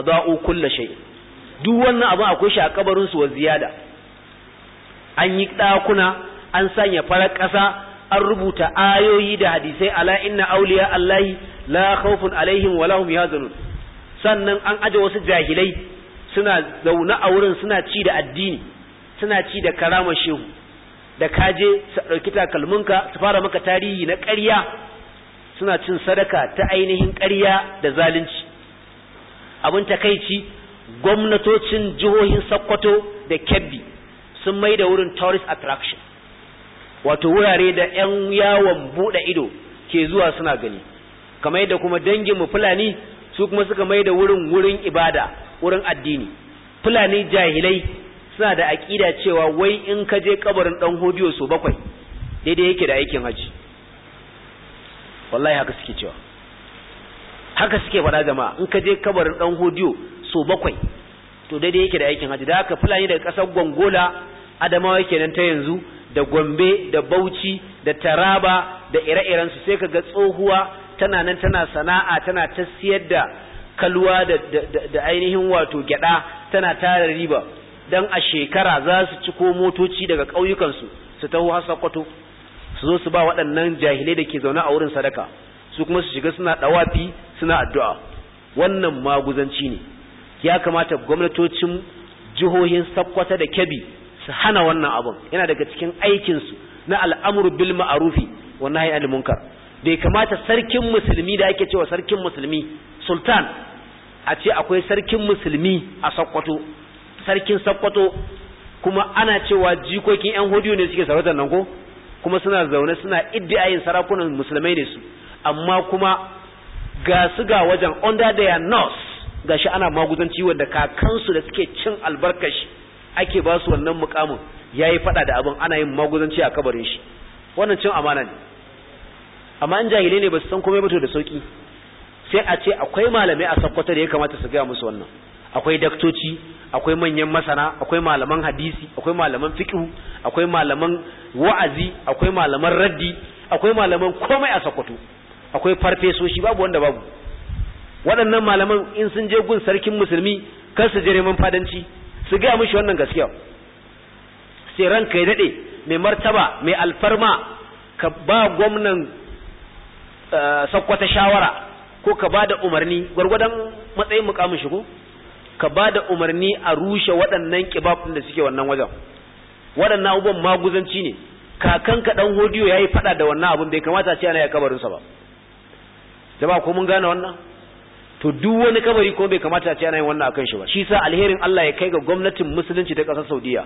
Speaker 2: adaa'u kull shay duk wannan abin akwai shi a kabarin su wa ziyada an yi ɗakuna an sanya farar ƙasa an rubuta ayoyi da hadisai ala inna awliya allahi la khawfun alaihim wa lahum yahzanun sannan an aje wasu jahilai suna zaune a wurin suna ci da addini suna ci da karamar shehu da kaje su ɗauki takalminka su fara maka tarihi na ƙarya suna cin sadaka ta ainihin ƙarya da zalunci abin takaici gwamnatocin jihohin Sokoto da Kebbi sun mai da wurin tourist attraction wato wurare da 'yan yawon buɗe ido ke zuwa suna gani kamar da kuma danginmu fulani su kuma suka mai da wurin wurin ibada wurin addini fulani jahilai suna da aƙida cewa wai in ka je kabarin ɗan hodiyo su bakwai daidai yake da aikin haji wallahi haka suke cewa haka suke faɗa jama'a in ka je kabarin dan hodiyo so bakwai to daidai yake da aikin haji da haka fulani daga ƙasar gongola adamawa kenan ta yanzu da gombe da bauchi da taraba da ire-irensu sai ka ga tsohuwa tana nan tana sana'a tana ta siyar da kalwa da, ainihin wato gyada tana tara riba don a shekara za su ci ko motoci daga ƙauyukansu su taho har sakwato su zo su ba waɗannan jahilai da ke zaune a wurin sadaka su kuma su shiga suna ɗawafi suna addu'a wannan maguzanci ne ya kamata gwamnatocin jihohin sakkwata da kebbi su hana wannan abun yana daga cikin aikinsu na al'amur bil ma'arufi wannan hanyar munkar bai kamata sarkin musulmi da ake cewa sarkin musulmi sultan a ce akwai sarkin musulmi a sakkwato sarkin sakkwato kuma ana cewa jikokin yan hudu ne suke sarautar nan ko kuma suna zaune suna iddiayin sarakunan musulmai ne su amma kuma ga su ga wajen under their nose ga shi ana maguzanci wanda kakansu da suke cin albarkashi ake ba su wannan mukamin yi fada da abin ana yin maguzanci a kabarin shi wannan cin amana ne amma an jahilai ne ba su san komai ba to da sauki sai a ce akwai malamai a sakkwata da ya kamata su gaya musu wannan akwai daktoci akwai manyan masana akwai malaman hadisi akwai malaman fiqh akwai malaman wa'azi akwai malaman raddi akwai malaman komai a sakwato akwai farfesoshi babu wanda babu waɗannan malaman in sun je gun sarkin musulmi kar su je neman fadanci su ga mishi wannan gaskiya sai ranka ya dade mai martaba mai alfarma ka ba gwamnan eh, sakwata shawara ko ka ba da umarni gwargwadon matsayin mukamin shigo ka ba da umarni a rushe waɗannan kibab da suke wannan wajen waɗannan abubuwan maguzanci ne kakan ka ɗan hodiyo ya yi faɗa da wannan abin bai kamata ce ana ya kabarinsa ba jama ko mun gane wannan to duk wani kabari ko bai kamata ce ana yin wannan akan shi ba shi sa alherin Allah ya kai ga gwamnatin musulunci ta ƙasar Saudiya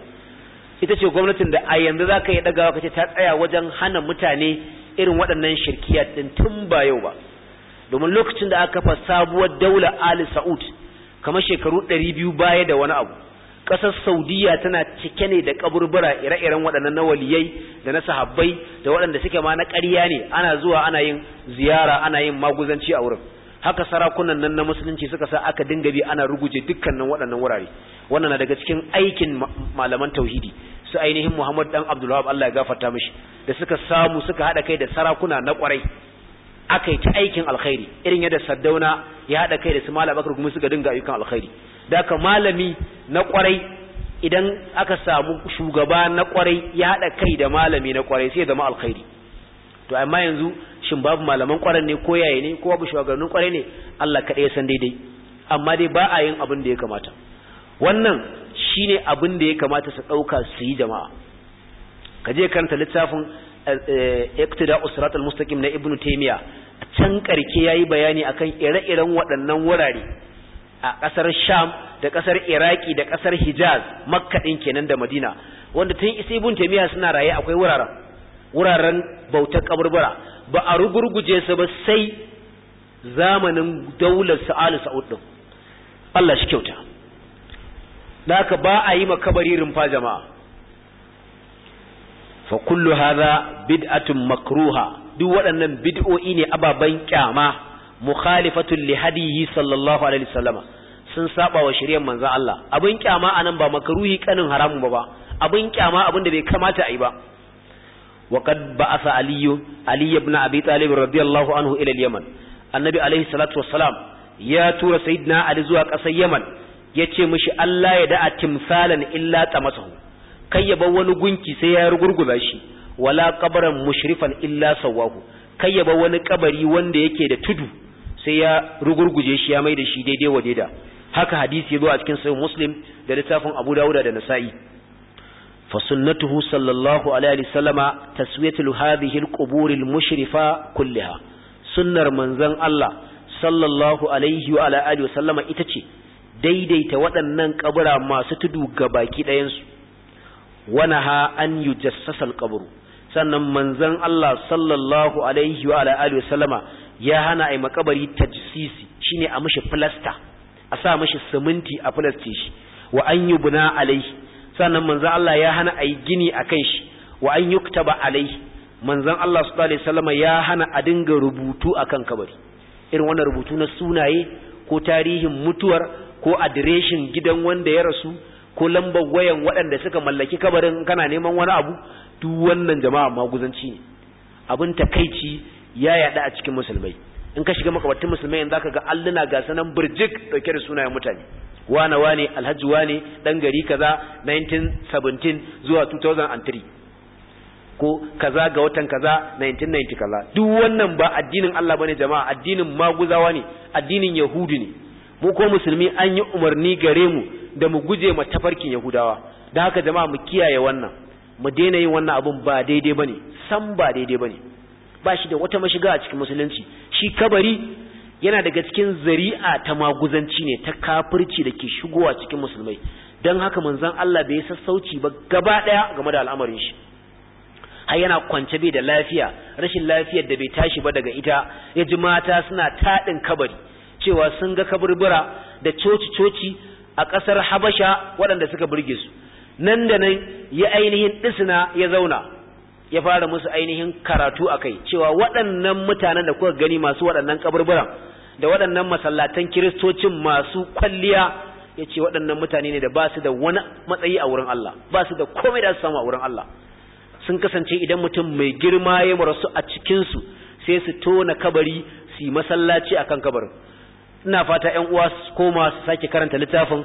Speaker 2: ita ce gwamnatin da a yanzu za ka yi dagawa kace ta tsaya wajen hana mutane irin waɗannan shirkiya ɗin tun ba yau ba domin lokacin da aka kafa sabuwar daular Ali Saud kamar shekaru 200 baya da wani abu ƙasar saudiya tana cike ne da kaburbura ire-iren waɗannan na waliyai da na sahabbai da waɗanda suke ma na ƙarya ne ana zuwa ana yin ziyara ana yin maguzanci a wurin haka sarakunan nan na musulunci suka sa aka dinga bi ana ruguje dukkanin waɗannan wurare wannan na daga cikin aikin malaman tauhidi su ainihin Muhammad dan Abdul Allah ya gafarta mishi da suka samu suka haɗa kai da sarakuna na kwarai. aka yi ta aikin alkhairi irin yadda saddauna ya haɗa kai da su malam bakar kuma suka dinga ayyukan alkhairi da ka malami na kwarai idan aka samu shugaba na kwarai ya haɗa kai da malami na kwarai sai ya zama alkhairi to amma yanzu shin babu malaman kwarai ne ko yaye ne ko babu shugabannin kwarai ne Allah kaɗai ya san daidai amma dai ba a yin abin da ya kamata wannan shine abin da ya kamata su ɗauka su yi jama'a ka je karanta littafin Eh, iktida usratul mustaqim na ibnu taymiya can karke yayi bayani akan ire-iren waɗannan wurare a ƙasar sham da ƙasar iraki da ƙasar hijaz makka ɗin kenan da madina wanda tun isa Ibnu taymiya suna raye akwai wuraren wuraren bautar kaburbura ba a rugurguje su ba sai zamanin daular sa'al sa'ud Allah shi kyauta da ka ba a yi makabari rumfa jama'a fa kullu hadha bid'atun makruha duk waɗannan bid'o'i ne ababan kyama mukhalifatun li hadiyi sallallahu alaihi wasallama sun saba wa shari'ar manzon Allah abin kyama a nan ba makruhi kanin haramun ba ba abin kyama abin da bai kamata a yi ba وقد بعث علي علي بن ابي طالب رضي الله عنه الى اليمن النبي عليه الصلاه والسلام ya tura sayyidina ali zuwa ƙasar yaman ya ce mishi Allah ya da'a timsalan illa ta tamasahu kai wani gunki sai ya rugurguza shi wala qabran mushrifan illa sawahu kai wani kabari wanda yake da tudu sai ya rugurguje shi ya mai da shi daidai wa daida haka hadisi ya zo a cikin sahih muslim da littafin abu dawuda da nasa'i fa sunnatuhu sallallahu alaihi wasallama taswiyatul hadhihi alquburil mushrifa kullaha sunnar manzon Allah sallallahu alaihi wa ala alihi wasallama ita ce daidaita waɗannan kabura masu tudu ga baki ɗayansu wanaha an yujassasa kaburu sannan manzon Allah sallallahu alaihi wa alihi wasallama ya hana ai makabari tajsisi shine a mishi plaster a sa mishi siminti a plaster shi wa an yubna alaihi sannan manzon Allah ya hana ai gini a kan shi wa an yuktaba alaihi manzon Allah sallallahu alaihi wasallama ya hana a dinga rubutu akan kabari irin wannan rubutu na sunaye ko tarihin mutuwar ko adireshin gidan wanda ya rasu ko lambar wayan waɗanda suka mallaki kabarin kana neman wani abu duk wannan jama'a maguzanci ne abin takaici ya yada a cikin musulmai in ka shiga makabartun musulmai yanzu ka ga alluna ga sanan burjik dauke da sunayen mutane wane wane alhaji wane dan gari kaza 1917 zuwa 2003 ko kaza ga watan kaza 1990 kaza duk wannan ba addinin Allah bane jama'a addinin maguzawa ne addinin yahudi ne mu ko musulmi an yi umarni gare mu da mu guje ma tafarkin yahudawa da haka jama'a mu kiyaye wannan mu daina yin wannan abun ba daidai bane san ba daidai bane ba shi da wata mashiga a cikin musulunci shi kabari yana daga cikin zari'a ta maguzanci ne ta kafirci da ke shigowa cikin musulmai don haka manzon Allah bai sassauci ba gaba daya game da al'amarin shi har yana kwance bai da lafiya rashin lafiyar da bai tashi ba daga ita ya ji mata suna taɗin kabari cewa sun ga kaburbura da coci-coci a ƙasar habasha waɗanda suka burge su nan da nan ya ainihin ɗisna ya zauna ya fara musu ainihin karatu a kai cewa waɗannan mutanen da kuka gani masu waɗannan ƙaburburan da waɗannan masallatan kiristocin masu kwalliya ya ce waɗannan mutane ne da ba su da wani matsayi a wurin Allah ba su da komai da su samu a wurin Allah sun kasance idan mutum mai girma ya marasu a cikinsu sai su tona kabari su yi masallaci a kan kabarin ina fata ƴan uwa su koma su sake karanta littafin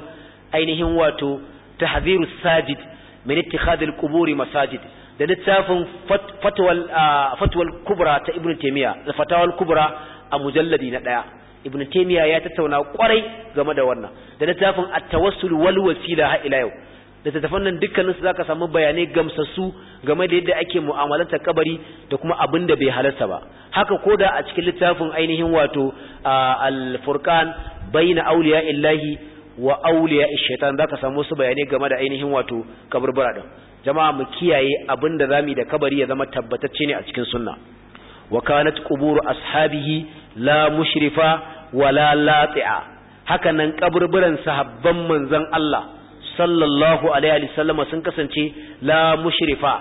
Speaker 2: ainihin wato tahziru sajid min ittikhadhi al-quburi masajid da littafin fatwal fatwal kubra ta ibnu taymiya da fatawal kubra a mujalladi na daya ibnu taymiya ya tattauna kwarai game da wannan da littafin at-tawassul wal wasila ha ila yau littattafan nan dukkanin su zaka samu bayanai gamsassu game da yadda ake mu'amalanta kabari da kuma abin da bai halarta ba haka koda a cikin littafin ainihin wato al-furqan baina awliya illahi wa awliya ash-shaytan zaka samu su bayanai game da ainihin wato kaburbura din jama'a mu kiyaye abin da zamu da kabari ya zama tabbatacce ne a cikin sunna wa kanat quburu ashabihi la mushrifa wala lati'a haka nan kaburburan sahabban manzon Allah sallallahu alaihi sallama sun kasance la mushrifa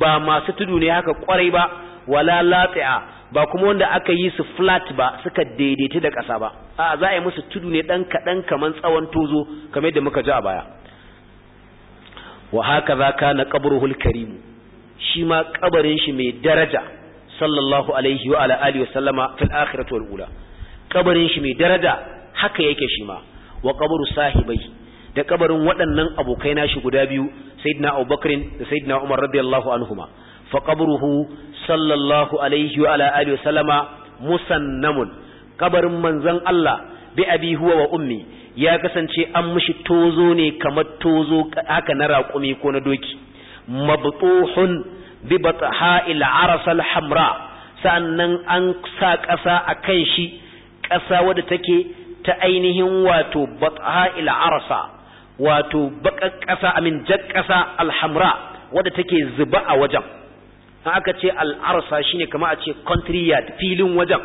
Speaker 2: ba masu tudu ne haka kwarai ba wala lati'a ba kuma wanda aka yi su flat ba suka daidaita da ƙasa ba a za a yi musu tudu ne ɗan kaɗan kaman tsawon tozo kamar yadda muka ji a baya wa haka za ka na ƙabaruhul karimu shi ma ƙabarin shi mai daraja sallallahu alaihi wa ala alihi wasallama fil akhirati wal ula ƙabarin shi mai daraja haka yake shi ma wa ƙabaru sahibai da kabarin waɗannan abokai nashi guda biyu sayyidina Abubakar da sayyidina Umar radiyallahu anhuma fa qabruhu sallallahu alaihi wa ala alihi wasallama musannamun kabarin manzon Allah bi abi huwa wa ummi ya kasance an mishi tozo ne kamar tozo haka na raƙumi ko na doki mabtuhun bi batha'il arasal hamra sannan an sa ƙasa a kan shi ƙasa wadda take ta ainihin wato batha'il arsa wato bakar ƙasa amin jar ƙasa alhamra wadda take zuba a wajen an aka ce al'arsa shine kama a ce country yard filin wajen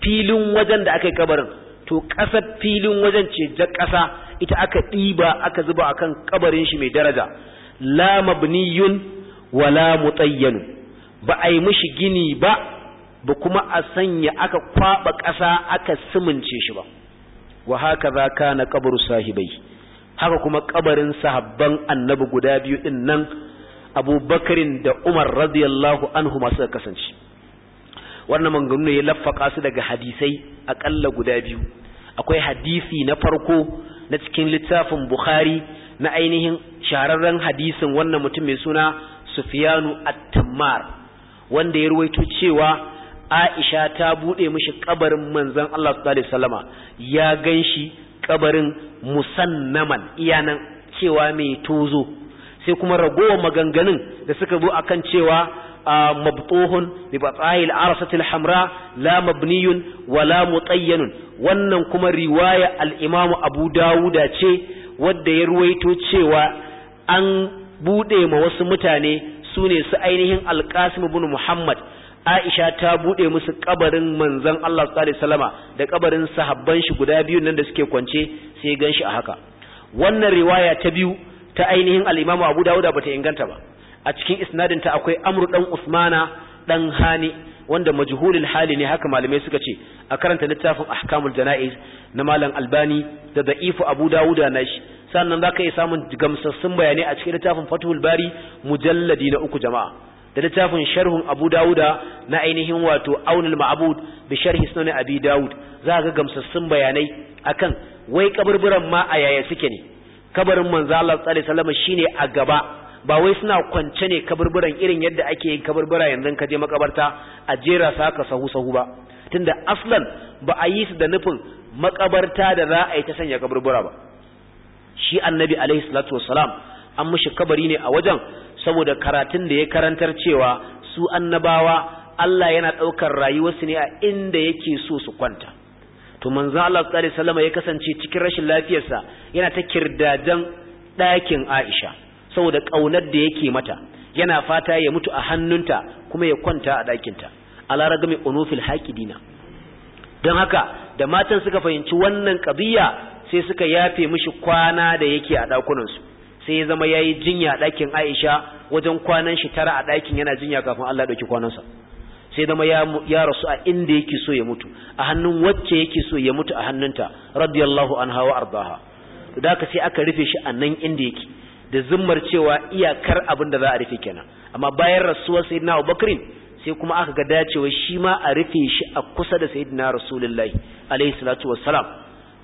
Speaker 2: filin wajen da aka yi kabarin to ƙasar filin wajen ce jar ƙasa ita aka ɗiba aka zuba a kan kabarin shi mai daraja la mabniyun wala mutayyanu ba a yi mishi gini ba ba kuma a sanya aka kwaba ƙasa aka simince shi ba wa haka za kana kabaru sahibai haka kuma kabarin sahabban annabi guda biyu din nan abubakarin da umar radiyallahu anhu masu kasance wannan manganu ya laffaka su daga hadisai akalla guda biyu akwai hadisi na farko na cikin littafin bukhari na ainihin shahararren hadisin wannan mutum mai suna sufiyanu at-tammar wanda ya ruwaito cewa aisha ta bude mishi kabarin manzon Allah sallallahu alaihi wasallama ya ganshi kabarin musannaman iyanan cewa mai tozo sai kuma ragowar maganganun da suka zo akan cewa mabtuhun bi batsahil arasatil hamra la mabniyun wala mutayyanun wannan kuma riwaya al-imam Abu Dawuda ce wadda ya ruwaito cewa an bude ma wasu mutane sune su ainihin Al-Qasim ibn Muhammad Aisha ta bude musu kabarin manzon Allah sallallahu alaihi da kabarin sahabban shi guda biyu nan da suke kwance sai gan shi a haka wannan riwaya ta biyu ta ainihin al-Imam Abu Dawud bata inganta ba a cikin isnadin ta akwai Amr dan Usmana dan Hani wanda majhulul hali ne haka malamai suka ce a karanta littafin Ahkamul Janaiz na Malam Albani da Da'ifu Abu Dawud na shi sannan zaka iya samun gamsassun bayanai a cikin littafin Fathul Bari mujalladi na uku jama'a da littafin sharhun abu dawuda na ainihin wato aunul ma'bud bi sharhi sunan abi dawud za ga gamsassun bayanai akan wai kaburburan ma a yaya suke ne kabarin manzo Allah sallallahu alaihi wasallam shine a gaba ba wai suna kwance ne kaburburan irin yadda ake yin kaburbura yanzu ka je makabarta a jera sa ka sahu sahu ba tunda aslan ba a yi su da nufin makabarta da za a yi ta sanya kaburbura ba shi annabi alaihi salatu wasalam an mishi kabari ne a wajen saboda karatun da ya karantar cewa su annabawa Allah yana ɗaukar rayuwarsu ne a inda yake so su kwanta to manzo Allah sallallahu alaihi wasallam ya kasance cikin rashin lafiyarsa yana ta kirdajan ɗakin Aisha saboda ƙaunar da yake mata yana fata ya mutu a hannunta kuma ya kwanta a ɗakinta ala ragami unufil haqidina don haka da matan suka fahimci wannan ƙabiya sai suka yafe mishi kwana da yake a ɗakunansu sai ya zama yayi jinya a ɗakin Aisha wajen kwanan shi tara a ɗakin yana jinya kafin Allah ya ɗauki kwanansa sai zama ya rasu a inda yake so ya mutu a hannun wacce yake so ya mutu a hannunta radiyallahu anha wa ardaha to da ka sai aka rufe shi a nan inda yake da zimmar cewa iyakar abin da za a rufe kenan amma bayan rasuwar sayyidina Abubakar sai kuma aka ga dacewa shi ma a rufe shi a kusa da sayyidina Rasulullahi alaihi salatu wassalam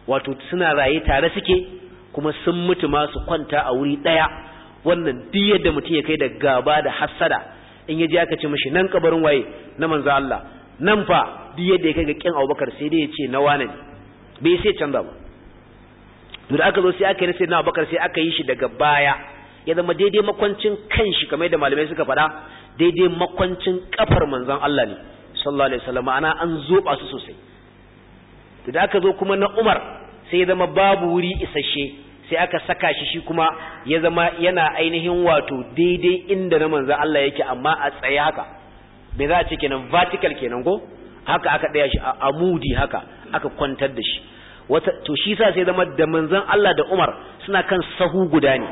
Speaker 2: wato suna raye tare suke kuma sun mutu masu kwanta a wuri ɗaya wannan duk yadda mutum ya kai da gaba da hassada in ya ji aka ce mishi nan kabarin waye na manzo Allah nan fa duk yadda ya kai ga kin Abubakar sai dai ya ce na wane ne bai sai canza ba da aka zo sai aka yi sai na Abubakar sai aka yi shi daga baya ya zama daidai makwancin kanshi kamar da malamai suka faɗa daidai makwancin kafar manzon Allah ne sallallahu alaihi wasallam ana an zoba su sosai da aka zo kuma na Umar sai ya zama babu wuri isasshe sai aka saka shi shi kuma ya zama yana ainihin wato daidai inda na manzan Allah yake amma a tsaye haka me za a ce kenan vertical kenan ko haka aka ɗaya shi a amudi haka aka kwantar da shi wata to shi sa sai zama da manzan Allah da Umar suna kan sahu guda ne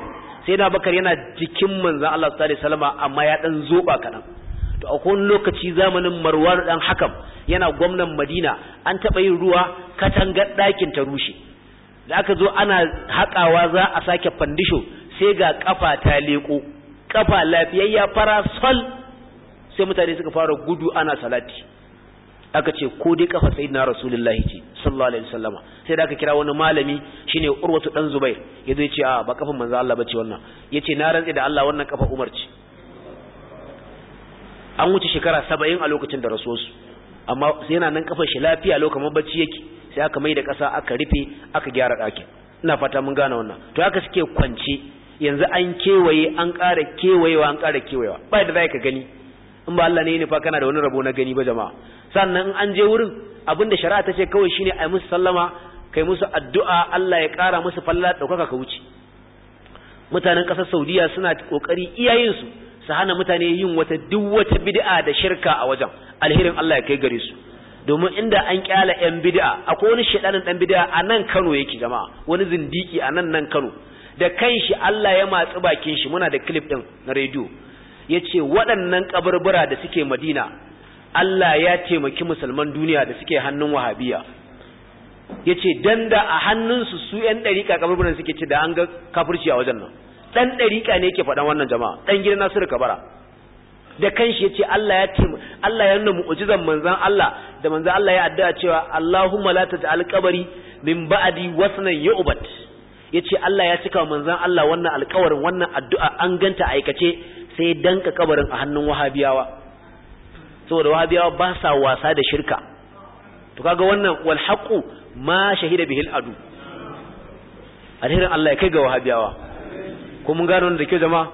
Speaker 2: sai na bakar yana jikin manzan Allah sallallahu alaihi wasallam amma ya dan zoba kaɗan to a kowane lokaci zamanin Marwan dan Hakam yana gwamnan Madina an taɓa yin ruwa katangar ɗakin ta rushe da aka zo ana haƙawa za a sake fandisho sai ga kafa ta leko kafa lafiyayya fara sol sai mutane suka fara gudu ana salati aka ce ko dai kafa na rasulullahi ce sallallahu alaihi wasallama sai da aka kira wani malami shine urwatu dan zubair yazo ya ce a ba kafan manzo Allah bace wannan yace na rantsi da Allah wannan kafa umar ce an wuce shekara 70 a lokacin da rasulsu amma sai yana nan kafan shi lafiya lokacin bacci yake sai aka mai da ƙasa aka rufe aka gyara ɗakin ina fata mun gane wannan to haka suke kwance yanzu an kewaye an ƙara kewayewa an ƙara kewayewa ba da za ka gani in ba Allah ne ne fa kana da wani rabo na gani ba jama'a sannan in an je wurin abinda shari'a ta ce kawai shine ayi musu sallama kai musu addu'a Allah ya ƙara musu falla ɗaukaka ka wuce mutanen ƙasar Saudiya suna kokari iyayensu su hana mutane yin wata duk wata bid'a da shirka a wajen alherin Allah ya kai gare su domin inda an kyala yan bid'a akwai wani shedanin dan bid'a a nan Kano yake jama'a wani zindiki a nan nan Kano da kanshi Allah ya matsi bakin shi muna da clip din na radio yace waɗannan kaburbura da suke Madina Allah ya taimaki musulman duniya da suke hannun wahabiya yace dan da a hannunsu su yan dariƙa kaburburan suke ci da an ga kafirci a wajen nan dan dariƙa ne yake faɗan wannan jama'a dan gidan Nasiru Kabara da kanshi yace Allah ya ce Allah ya nuna mu'jizan manzon Allah da manzon Allah ya addu'a cewa Allahumma la taj'al qabri min ba'di wasnan yu'bad yace Allah ya cika manzon Allah wannan alƙawarin wannan addu'a an ganta aikace sai danka kabarin a hannun wahabiyawa saboda wahabiyawa ba sa wasa da shirka to kaga wannan wal haqu ma shahida al adu alherin Allah ya kai ga wahabiyawa ko mun gano da ke jama'a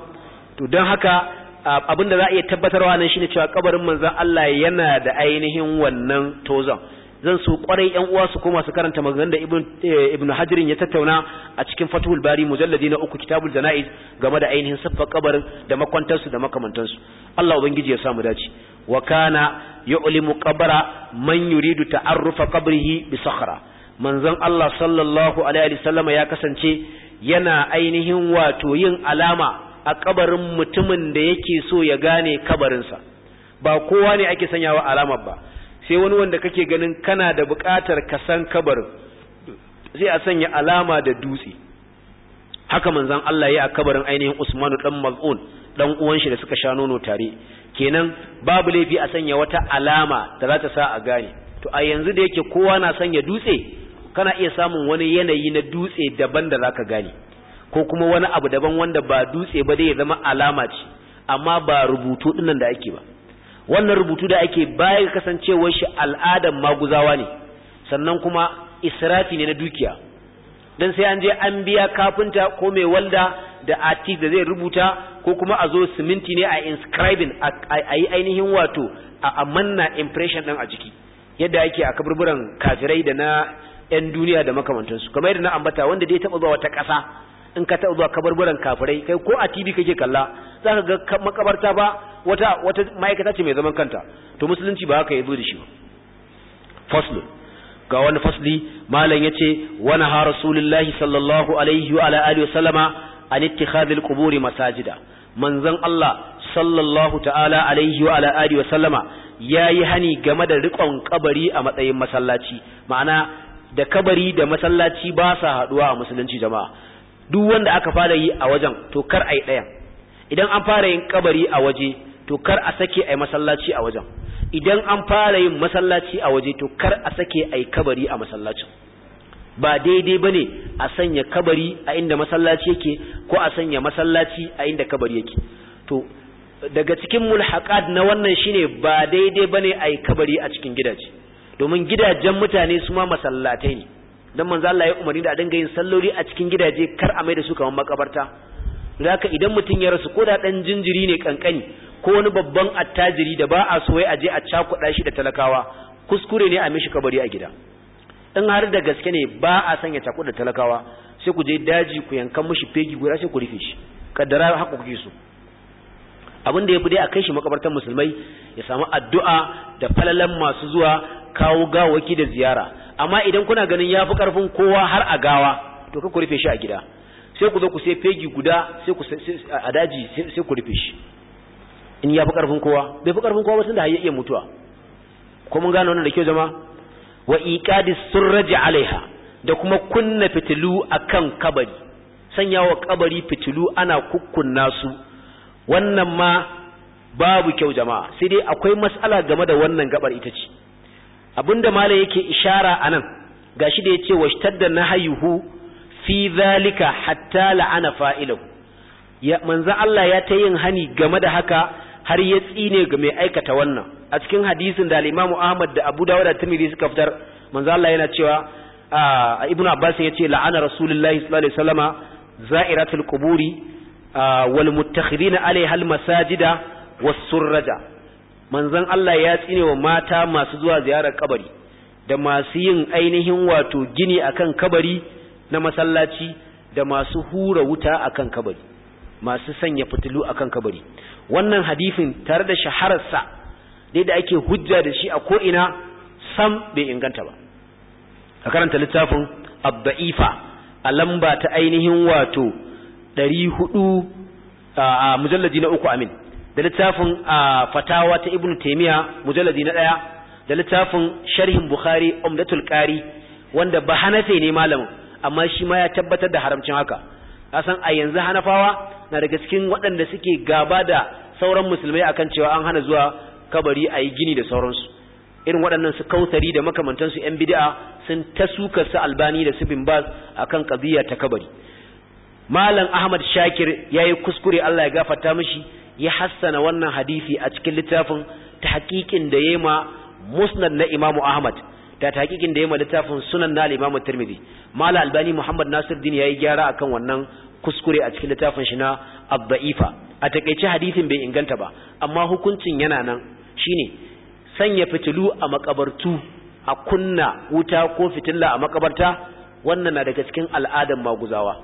Speaker 2: to dan haka abin da za a iya tabbatarwa nan shine cewa kabarin manzon Allah yana da ainihin wannan tozan zan so kwarai yan uwa su koma su karanta maganganun da ibn eh, ibn hajirin ya tattauna a cikin fatuhul bari mujalladi na uku kitabul janaiz game da ainihin siffar kabarin da makwantarsu da makamantansu Allah ubangiji ya samu dace wa kana yu'limu qabra man yuridu ta'arrufa qabrihi bi sakhra manzon Allah sallallahu alaihi wasallam ya kasance yana ainihin wato yin alama a kabarin mutumin da yake so ya gane kabarinsa ba kowa ne ake sanyawa alamar ba sai wani wanda kake ganin kana da buƙatar ka san kabarin sai a sanya alama da dutse haka manzon Allah ya a kabarin ainihin Usmanu ɗan Mal'un dan uwan shi da suka sha nono tare kenan babu laifi a sanya wata alama da za ta sa a gane to a yanzu da yake kowa na sanya dutse kana iya samun wani yanayi na dutse daban da za ka gane ko kuma wani abu daban wanda ba dutse ba dai ya zama alama ce amma ba rubutu dinnan da ake ba wannan rubutu da ake baya kasancewar shi al'adan maguzawa ne sannan kuma israfi ne na dukiya dan sai an je an biya kafinta ko mai walda da artist da zai rubuta ko kuma a zo siminti ne a inscribing a yi ainihin wato a manna impression din a jiki yadda ake a kaburburan kafirai da na 'yan duniya da makamantansu kamar yadda na ambata wanda dai taɓa zuwa wata ƙasa in ka taɓa zuwa kabarburan kafirai kai ko a tv kake kalla za ka ga makabarta ba wata wata ma'aikata ce mai zaman kanta to musulunci ba haka ya zo da shi ba faslu ga wani fasli malam ya ce wani ha rasulullahi sallallahu alaihi wa ala alihi sallama an ittikhadil quburi masajida manzon Allah sallallahu ta'ala alaihi wa ala alihi sallama yayi hani game da riƙon kabari a matsayin masallaci ma'ana da kabari da masallaci ba sa haduwa a musulunci jama'a duk wanda aka fara yi a wajen to kar a yi ɗayan idan an fara yin kabari a waje to kar a sake a yi masallaci a wajen idan an fara yin masallaci a waje to kar a sake a yi kabari a masallacin ba daidai ba ne a sanya kabari a inda masallaci yake ko a sanya masallaci a inda kabari yake to daga cikin mulhaqat na wannan shine ba daidai bane a yi kabari a cikin gidaje domin gidajen mutane su ma masallatai ne dan manzo Allah ya umarni da a dinga yin salloli a cikin gidaje kar a mai da su kamar makabarta zaka idan mutum ya rasu ko da dan jinjiri ne kankani ko wani babban attajiri da ba a soye a a cakuɗa shi da talakawa kuskure ne a mishi kabari a gida in har da gaske ne ba a sanya cakuɗa talakawa sai ku je daji ku yankan mishi fegi guda sai ku rufe shi kaddara haka kuke so abin da ya fi dai a kai shi makabartar musulmai ya samu addu'a da falalan masu zuwa kawo gawaki da ziyara amma idan kuna ganin ya fi ƙarfin kowa har a gawa to kai ku rufe shi a gida sai ku zo ku sai fegi guda sai ku a daji sai ku rufe shi in ya fi ƙarfin kowa bai fi ƙarfin kowa ba tun da iya mutuwa ko mun gane wannan da kyau zama. wa iqadis surraji alaiha da kuma kunna fitilu akan kabari sanyawa kabari fitilu ana kukkunna su wannan ma babu kyau jama'a sai dai akwai mas'ala game da wannan gabar ita ce abinda mala yake ishara anan gashi da yace washtadda nahayuhu fi zalika hatta la'ana fa'ilahu ya manzo Allah ya ta yin hani game da haka har ya tsine ga mai aikata wannan a cikin hadisin da al-Imam Ahmad da Abu Dawud da Tirmidhi suka fitar manzo Allah yana cewa a Ibn Abbas yace la'ana Rasulullahi sallallahu alaihi wasallama za'iratul quburi wal muttakhidina alaiha al masajida was surraja manzon Allah ya tsine wa mata masu zuwa ziyarar kabari da masu yin ainihin wato gini akan kabari na masallaci da masu hura wuta akan kabari masu sanya fitilu akan kabari wannan hadifin tare da shahararsa ne da ake hujja da shi a ko ina sam bai inganta ba a karanta littafin abda'ifa a lamba ta ainihin wato 400 a mujallaji na uku amin da littafin fatawa ta ibnu taimiya mujalladi na ɗaya da littafin sharhin bukhari umdatul qari wanda ba hanafi ne malamin amma shi ma ya tabbatar da haramcin haka kasan a yanzu hanafawa na daga cikin waɗanda suke gaba da sauran musulmai akan cewa an hana zuwa kabari a yi gini da sauransu irin waɗannan su kautari da makamantansu yan bid'a sun ta suka su albani da su bimbaz akan qadiyya ta kabari malam ahmad shakir yayi kuskure Allah ya gafarta mishi ya hassana wannan hadisi a cikin littafin tahqiqin da yayi ma musnad na Imam Ahmad da tahqiqin da yayi ma littafin sunan na Imam Tirmidhi mala albani Muhammad ya yi gyara akan wannan kuskure a cikin littafin shi na Abbaifa. a takeice hadisin bai inganta ba amma hukuncin yana nan shine sanya fitilu a makabartu a kunna wuta ko fitilla a makabarta wannan na daga cikin al'adan maguzawa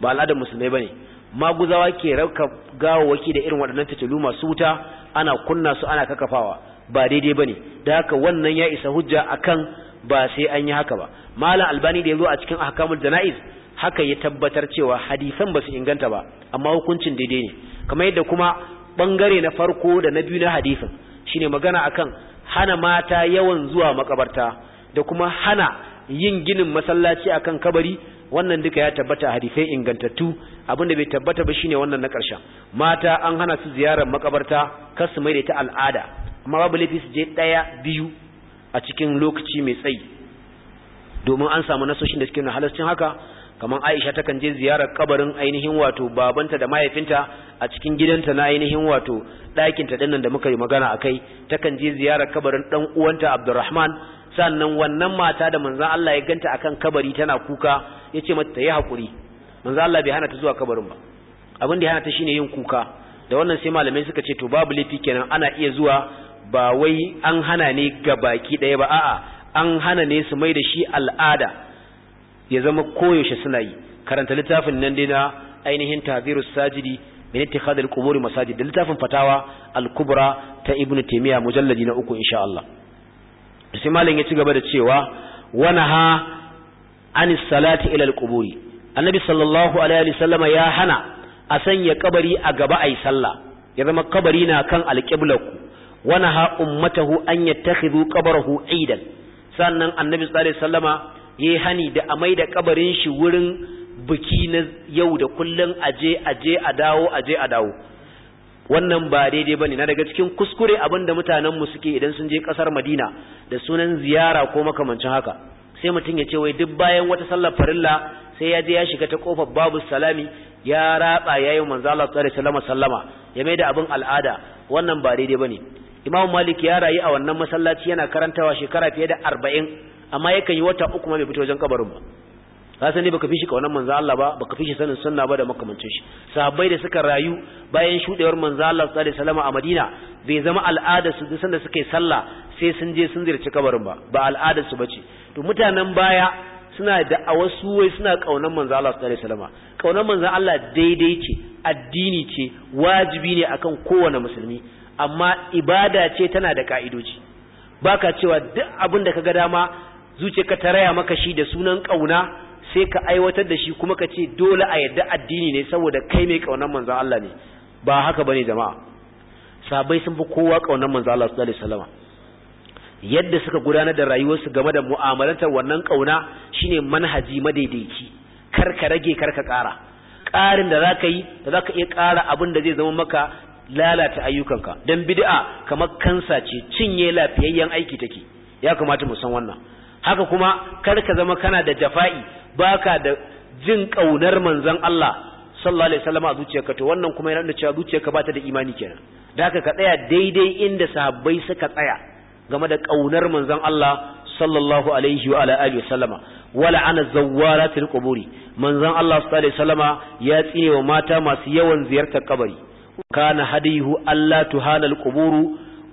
Speaker 2: ba al'adan musulmai bane maguzawa ke rauka gawawaki da irin waɗannan fitilu masu wuta ana kunna su ana kakafawa ba daidai ba ne da haka wannan ya isa hujja akan ba sai an yi haka ba malam albani da ya zo a cikin ahkamul janaiz haka ya tabbatar cewa hadisan ba su inganta ba amma hukuncin daidai ne kamar yadda kuma bangare na farko da na biyu na hadisin shine magana akan hana mata yawan zuwa makabarta da kuma hana yin ginin masallaci akan kabari wannan duka ya tabbata a hadisai ingantattu abinda bai tabbata ba shine wannan na ƙarshen mata an hana su ziyarar makabarta kar su mai da ta al'ada amma babu laifi su je ɗaya biyu a cikin lokaci mai tsayi domin an samu nasoshin da suke na halascin haka kamar Aisha takan je ziyarar kabarin ainihin wato babanta da mahaifinta a cikin gidanta na ainihin wato ɗakinta ɗinnan da muka yi magana akai takan je ziyarar kabarin ɗan uwanta Abdurrahman sannan wannan mata da manzan Allah ya ganta akan kabari tana kuka ya ce mata yi hakuri manzan Allah bai hana ta zuwa kabarin ba abin da ya hana ta shine yin kuka da wannan sai malamai suka ce to babu laifi kenan ana iya zuwa ba wai an hana ne ga baki ɗaya ba a'a an hana ne su mai da shi al'ada ya zama koyaushe suna yi karanta littafin nan dai na ainihin tazirus sajidi min ittikhadil qubur masajid da littafin fatawa al-kubra ta ibnu taymiya mujalladi na uku insha Allah sai malam ya ci gaba da cewa wana ha anis salati ila alquburi annabi sallallahu alaihi wasallama ya hana a sanya kabari a gaba ai sallah ya zama kabari na kan alqiblaku wana ha ummatahu an yattakhidhu qabrahu aidan sannan annabi sallallahu alaihi wasallama yayi hani da a maida kabarin shi wurin biki na yau da kullun aje aje a dawo aje a dawo wannan ba daidai bane na daga cikin kuskure abin da mutanen mu suke idan sun je kasar Madina da sunan ziyara ko makamancin haka sai mutum ya ce wai duk bayan wata sallar farilla sai ya je ya shiga ta kofar babu salami ya raba yayin manzo Allah sallallahu alaihi sallama ya mai da abin al'ada wannan ba daidai bane Imam Malik ya rayu a wannan masallaci yana karantawa shekara fiye da arba'in, amma yakan yi wata uku ma bai fito wajen kabarin ba ka sani baka fi shi kaunar manzo Allah ba baka fi shi sanin sunna ba da makamancin shi sahabbai da suka rayu bayan shudewar manzo Allah sallallahu alaihi wasallam a Madina bai zama al'ada su duk sanda yi sallah sai sun je sun zirci kabarin ba ba al'ada su bace to mutanen baya suna da a wasu wai suna kaunar manzo Allah sallallahu alaihi wasallam kaunar manzo Allah daidai ce addini ce wajibi ne akan kowane musulmi amma ibada ce tana da ka'idoji baka cewa duk abin da kaga dama zuciyarka ta raya maka shi da sunan kauna sai ka aiwatar da shi kuma ka ce dole a yadda addini ne saboda kai mai kaunar manzan Allah ne ba haka ba ne jama'a Sabai sun fi kowa kaunar manzan Allah sallallahu alaihi wasallam yadda suka gudanar da rayuwarsu game da mu'amalantar wannan kauna shine manhaji madaidaici kar ka rage kar ka ƙara ƙarin da zaka yi da zaka iya ƙara abin da zai zama maka lalata ayyukanka dan bid'a kamar kansa ce cinye lafiyayyen aiki take ya kamata mu san wannan haka kuma kar ka zama kana da jafa'i baka da jin kaunar manzon Allah sallallahu alaihi wasallam a zuciyarka to wannan kuma yana da cewa zuciyarka ba ta da imani kenan da haka ka tsaya daidai inda sahabbai suka tsaya game da kaunar manzon Allah sallallahu alaihi wa ala alihi wasallama wala ana zawaratil quburi manzon Allah sallallahu alaihi wasallama ya tsine wa mata masu yawan ziyartar kabari kana hadihu alla al quburu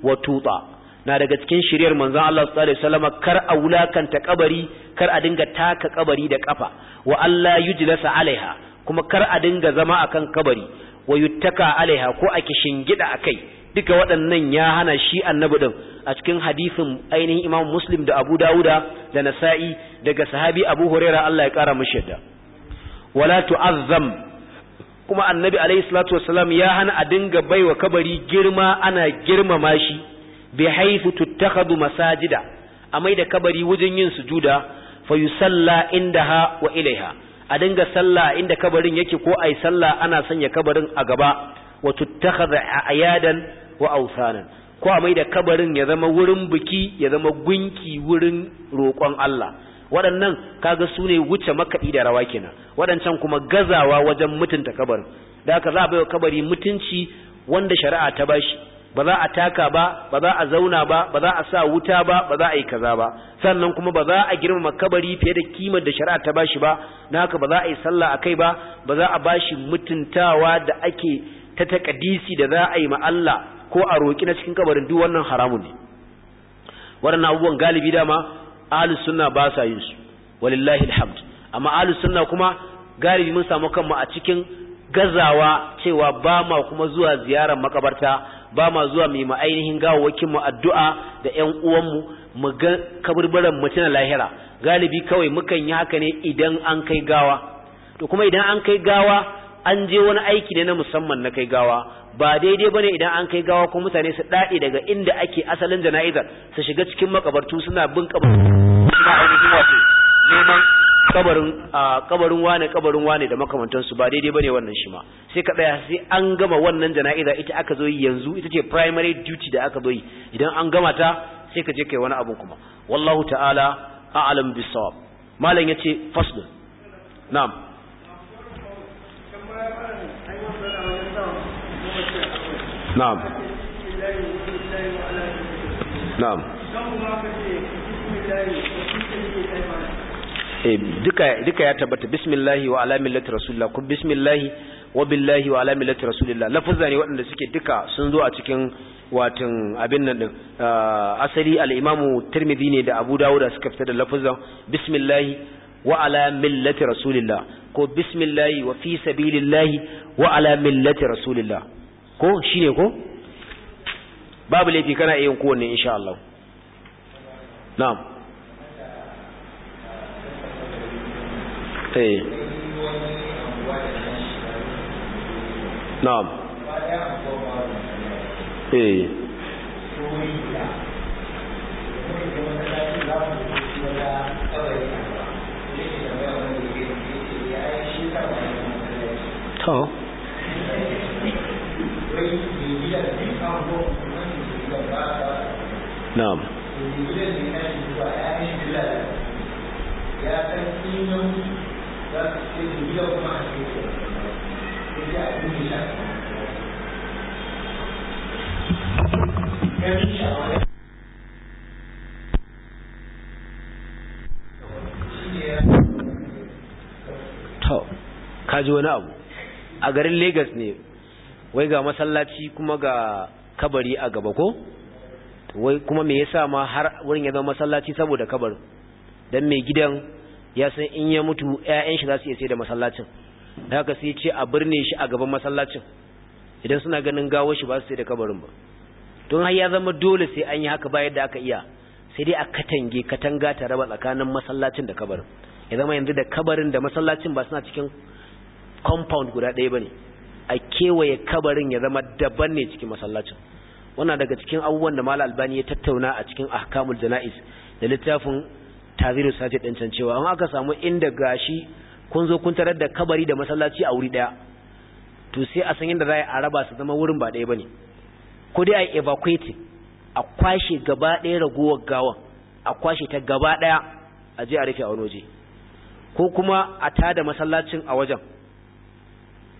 Speaker 2: wa tuta na daga cikin shiryar manzon Allah sallallahu alaihi wasallam kar a wulakanta kabari kar a dinga taka kabari da kafa wa Allah yujlasa alaiha kuma kar a dinga zama akan kabari wa yuttaka alaiha ko a kishingida akai duka waɗannan ya hana shi annabi din a cikin hadisin ainihin Imam Muslim da Abu Dawuda da Nasa'i daga sahabi Abu Hurairah Allah ya kara mishi yadda wala tu'azzam kuma annabi alaihi salatu wasallam ya hana a dinga baiwa kabari girma ana girmama shi bi haifu tuttakhadu masajida a mai da kabari wajen yin sujuda fa inda indaha wa ilaiha a dinga sallah inda kabarin yake ko ai sallah ana sanya kabarin a gaba wa a ayadan wa awsanan ko a mai da kabarin ya zama wurin biki ya zama gunki wurin roƙon Allah waɗannan kaga su ne wuce makaɗi da rawa kenan waɗancan kuma gazawa wajen mutunta kabarin da aka za a bai wa kabari mutunci wanda shari'a ta bashi ba za a taka ba ba za a zauna ba ba za a sa wuta ba ba za a yi kaza ba sannan kuma ba za a girmama kabari fiye da kimar da shari'a ta bashi ba na haka ba za a yi sallah akai ba ba za a bashi mutuntawa da ake ta takadisi da za a yi ma Allah ko a roki na cikin kabarin duk wannan haramun ne Wannan abubuwan galibi dama ahlus sunna ba sa yin su walillahi alhamd amma ahlus sunna kuma galibi mun samu kanmu a cikin gazawa cewa ba ma kuma zuwa ziyarar makabarta ba ma zuwa mai yi mu ainihin gawawakin mu addu'a da ƴan uwanmu mu ga kaburbaran mu tana lahira galibi kawai mukan yi haka ne idan an kai gawa to kuma idan an kai gawa an je wani aiki ne na musamman na kai gawa ba daidai ba ne idan an kai gawa ko mutane su daɗe daga inda ake asalin jana'izar su shiga cikin makabartu suna bin kabarin kabarin wane kabarin wane da makamantansu ba daidai bane wannan shi ma sai ka daya sai an gama wannan jana'iza ita aka zo yi yanzu ita ce primary duty da aka zo yi idan an gama ta sai ka je kai wani abu kuma wallahu ta'ala a'lam bisawab malam yace fasl na'am
Speaker 1: na'am na'am
Speaker 2: Eh, duka ya tabbata bismillahi wa ala millati rasulillah ku bismillahi wa billahi wa ala millati rasulillah lafuzza ne waɗanda suke duka sun zo a cikin watan abin nan din ah, asali al-imamu tirmidhi ne da abu dawuda suka fita da lafuzzan bismillahi wa ala millati rasulillah ko bismillahi wa fi sabilillahi wa ala millati rasulillah ko shine ko babu laifi kana yin kowanne insha Allah na'am eh na'am eh na'am kaji wani abu a garin Legas ne wai ga masallaci kuma ga kabari a gaba ko wai kuma me yasa ma har wurin ya zama masallaci saboda kabar don mai gidan ya san in ya mutu ƴaƴan shi za su iya sai da masallacin haka sai ce a birne shi a gaban masallacin idan suna ganin gawo shi ba su sai da kabarin ba don har ya zama dole sai an yi haka ba yadda aka iya sai dai a katange katanga ta raba tsakanin masallacin da kabarin ya zama yanzu da kabarin da masallacin ba suna cikin compound guda ɗaya bane a kewaye kabarin ya zama daban ne cikin masallacin wannan daga cikin abubuwan da mala albani ya tattauna a cikin ahkamul jana'is da littafin taziru sati din can cewa amma aka samu inda gashi kun zo kun tarar da kabari da masallaci a wuri daya to sai a san yadda za a raba su zama wurin ba daya bane ko dai a evacuate a kwashe gaba daya ragowar gawan a kwashe ta gaba ɗaya a je a rufe a wani waje ko kuma a tada masallacin a wajen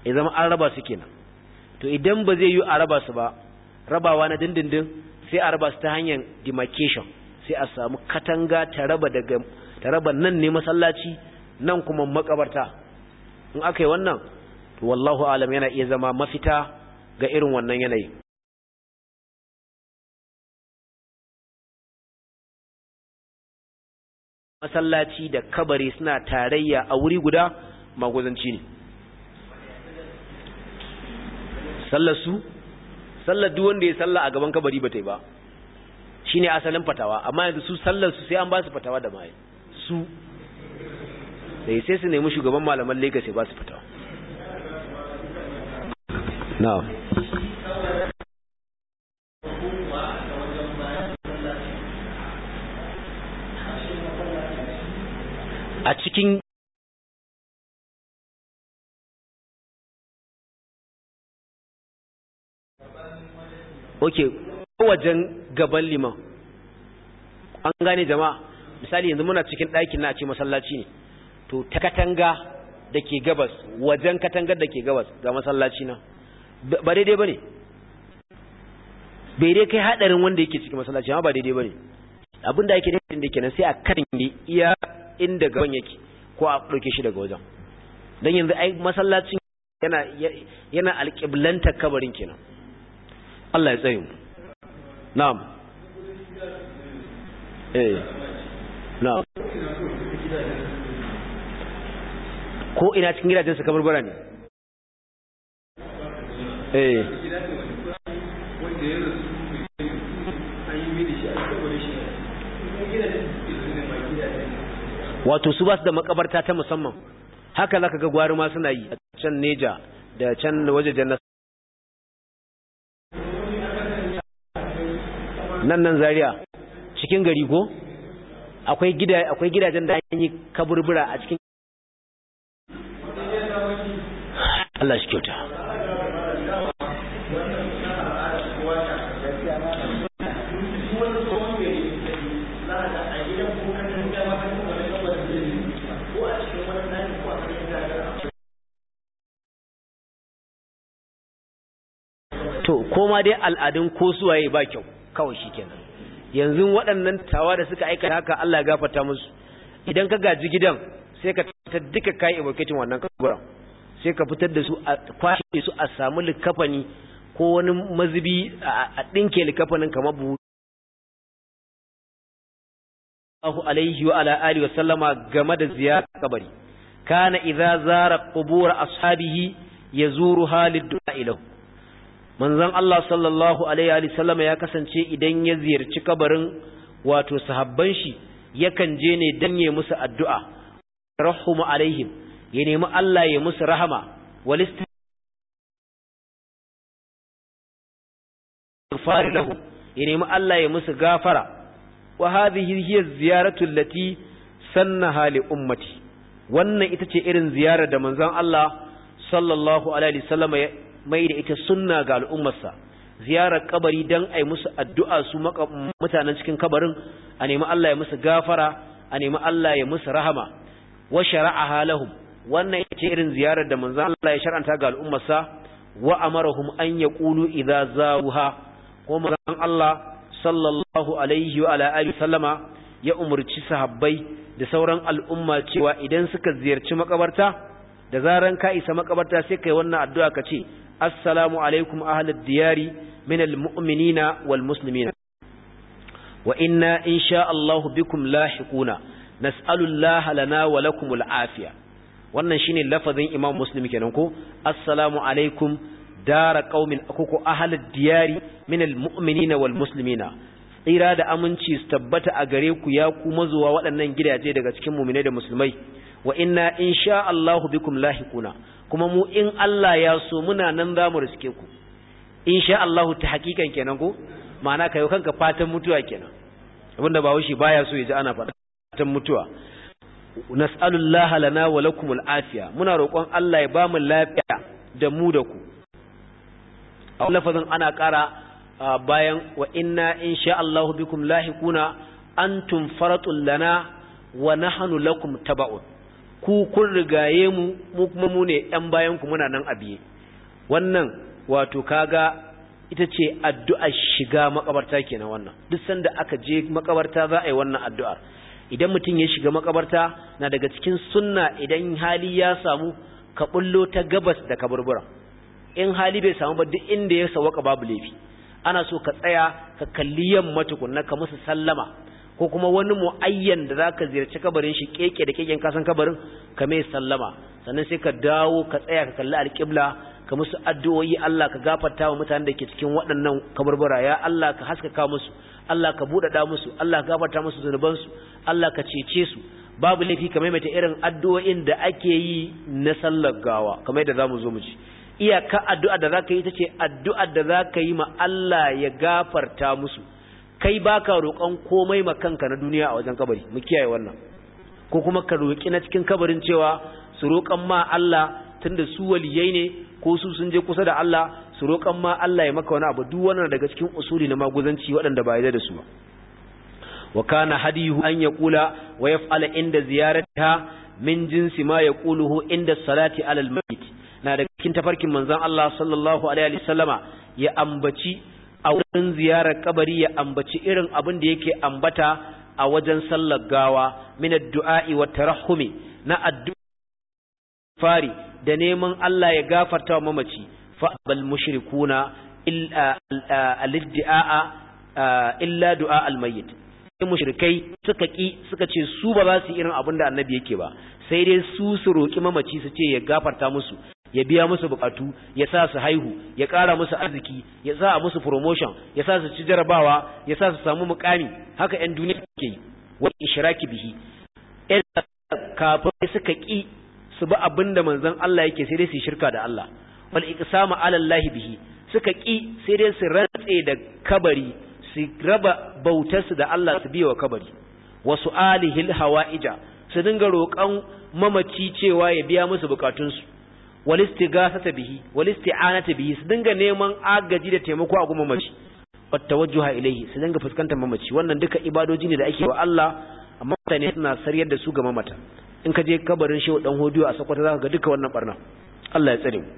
Speaker 2: ya zama an raba su kenan to idan ba zai yi a raba su ba rabawa na dindindin sai a raba su ta hanyar demarcation sai a samu katanga ta raba nan ne masallaci nan kuma makabarta in aka yi wannan
Speaker 1: to wallahu alam yana iya zama mafita ga irin wannan yanayi masallaci da kabari suna tarayya a wuri guda maguzanci ne
Speaker 2: sallar su sallar duwanda wanda ya salla a gaban kabari ba ta yi ba shine asalin fatawa amma yanzu su sallar su sai an ba su fatawa da mai su sai eh, sai su nemi shugaban malaman Lagos ya ba su fatawa
Speaker 1: na'am a cikin okay
Speaker 2: wajen gaban liman an gane jama'a misali yanzu muna cikin ɗakin na a ce masallaci ne to ta katanga da ke gabas wajen katangar da ke gabas ga masallaci na ba daidai ba ne bai dai kai haɗarin wanda yake cikin masallaci amma ba daidai ba ne abin da ake daidai da ke nan sai a kan iya inda gaban yake ko a ɗauke shi daga wajen don yanzu ai masallacin yana yana alƙiblanta kabarin kenan Allah ya tsaye mu na'am eh na'am ko ina cikin gidajen su kamar bara eh. wato su basu da makabarta ta musamman haka zaka ga gwaruma suna yi a can neja da can wajejen nan nan zariya cikin gari ko akwai gida akwai gidajen da an yi kaburbura a cikin Allah shi kyauta Ko ma dai al'adun ko suwaye ba kyau kawai shi kenan, yanzu waɗannan tawa da suka aika haka Allah ya gafarta musu idan ka gaji gidan sai ka ta duka kai evocating wannan kaburan sai ka fitar da su a kwashe su a samu likafani ko wani mazubi a dinke likafanin kamar buhu Allahu alaihi wa ala alihi wa sallama game da ziyara kabari kana idza zara qubur ashabihi yazuruha lid-du'a ilahu manzon Allah sallallahu alaihi wa sallam ya kasance idan ya ziyarci kabarin wato sahabban shi yakan je ne danye musu addu'a rahumu alaihim ya nemi Allah ya musu rahama walist lahu ya nemi Allah ya musu gafara wa hadhihi hiya ziyaratu allati sannaha li ummati wannan ita ce irin ziyarar da manzon Allah sallallahu alaihi wa ya. mai da ita sunna ga al'ummarsa ziyarar kabari don a yi musu addu'a su mutanen cikin kabarin a nemi Allah ya musu gafara a nemi Allah ya musu rahama wa shari'a halahum wannan ita irin ziyarar da manzan Allah ya shar'anta ga al'ummarsa wa amarahum an ya ƙulu idza wuha. ko manzan Allah sallallahu alaihi wa alihi sallama ya umurci sahabbai da sauran al'umma cewa idan suka ziyarci makabarta da zaran ka isa makabarta sai kai wannan addu'a ka ce assalamu alaikum ahlad diyari min almu'minina wal wa inna insha Allah bikum lahiquna nas'alu Allah lana wa lakum wannan shine lafazin Imam Muslim kenan ko assalamu alaikum dara qaumin akuku ahlad diyari min muminina wal muslimina tsira da aminci su tabbata a gare ku ya ku mazuwa waɗannan gidaje daga cikin muminai da musulmai wa inna insha Allah bikum lahiquna kuma mu in Allah ya so muna nan za mu riske ku insha Allahu ta hakikan kenan ko ma'ana kayo kanka fatan mutuwa kenan abinda ba wushi baya so yaji ana fatan mutuwa nas'alullaha lana wa lakumul afiya muna roƙon Allah ya ba mu lafiya da mu da ku a lafazin ana ƙara bayan wa inna insha Allahu bikum lahiquna antum faratul lana wa nahnu lakum taba'un ku kun rigaye mu mu kuma mu ne ɗan bayan ku muna nan abiye wannan wato kaga ita ce addu'ar shiga makabarta kenan wannan duk sanda aka je makabarta za a yi wannan addu'a idan mutum ya shiga makabarta na daga cikin sunna idan hali ya samu ka bullo ta gabas da kaburbura in hali bai samu ba duk inda ya sawaka babu laifi ana so ka tsaya ka kalli yamma tukunna ka musu sallama ko kuma wani mu'ayyan da zaka ziyarci kabarin shi keke da keken kasan kabarin ka mai sallama sannan sai ka dawo ka tsaya ka kalli alƙibla ka musu addu'o'i Allah ka gafarta wa mutanen da ke cikin waɗannan kabarbara ya Allah ka haskaka musu Allah ka buɗaɗa musu Allah ka gafarta musu su. Allah ka cece su babu laifi ka maimaita irin addu'o'in da ake yi na sallar gawa kamar yadda zamu zo mu ci. iyaka addu'a da zaka yi ita ce addu'a da zaka yi ma Allah ya gafarta musu kai baka roƙon komai ma kanka na duniya a wajen kabari mu kiyaye wannan ko kuma ka roƙi na cikin kabarin cewa su roƙan ma Allah tunda su waliyai ne ko su sun je kusa da Allah su roƙan ma Allah ya maka wani abu duk wannan daga cikin usuli na maguzanci waɗanda ba yarda da su ba wa kana hadihu an yaqula wa yaf'ala inda ziyaratiha min jinsi ma yaquluhu inda salati alal na daga cikin tafarkin manzon Allah sallallahu alaihi wasallama ya ambaci a wurin ziyarar kabari ya ambaci irin abin da yake ambata a wajen sallar gawa min addu'a'i wa tarahumi na addu'a fari da neman Allah ya gafarta wa mamaci fa bal mushrikuna al iddia illa du'a al-mayyit mushrikai suka ki suka ce su ba za su irin abin da annabi yake ba sai dai su su roki mamaci su ce ya gafarta musu ya biya musu bukatu ya sa su haihu ya ƙara musu arziki ya sa musu promotion ya sa su ci jarabawa ya sa su samu mukami haka 'yan duniya ke yi wani ishiraki bihi 'yan kafin suka ƙi su bi abin da manzon Allah yake sai dai su shirka da Allah wal iqsama ala Allah bihi suka ƙi sai dai su rantse da kabari su raba bautarsu da Allah su biya wa kabari wasu alihil hawa'ija su dinga roƙon mamaci cewa ya biya musu bukatunsu gasa ta bihi wal isti'anata bihi su dinga neman agaji da taimako a gumin mace wat tawajjuha ilayhi su dinga fuskantar mamaci wannan duka ibadoji ne da ake wa Allah amma mutane suna sariyar da su ga mamata in ka je kabarin shehu dan hodiyo a sakwata zaka ga duka wannan barna Allah ya tsare mu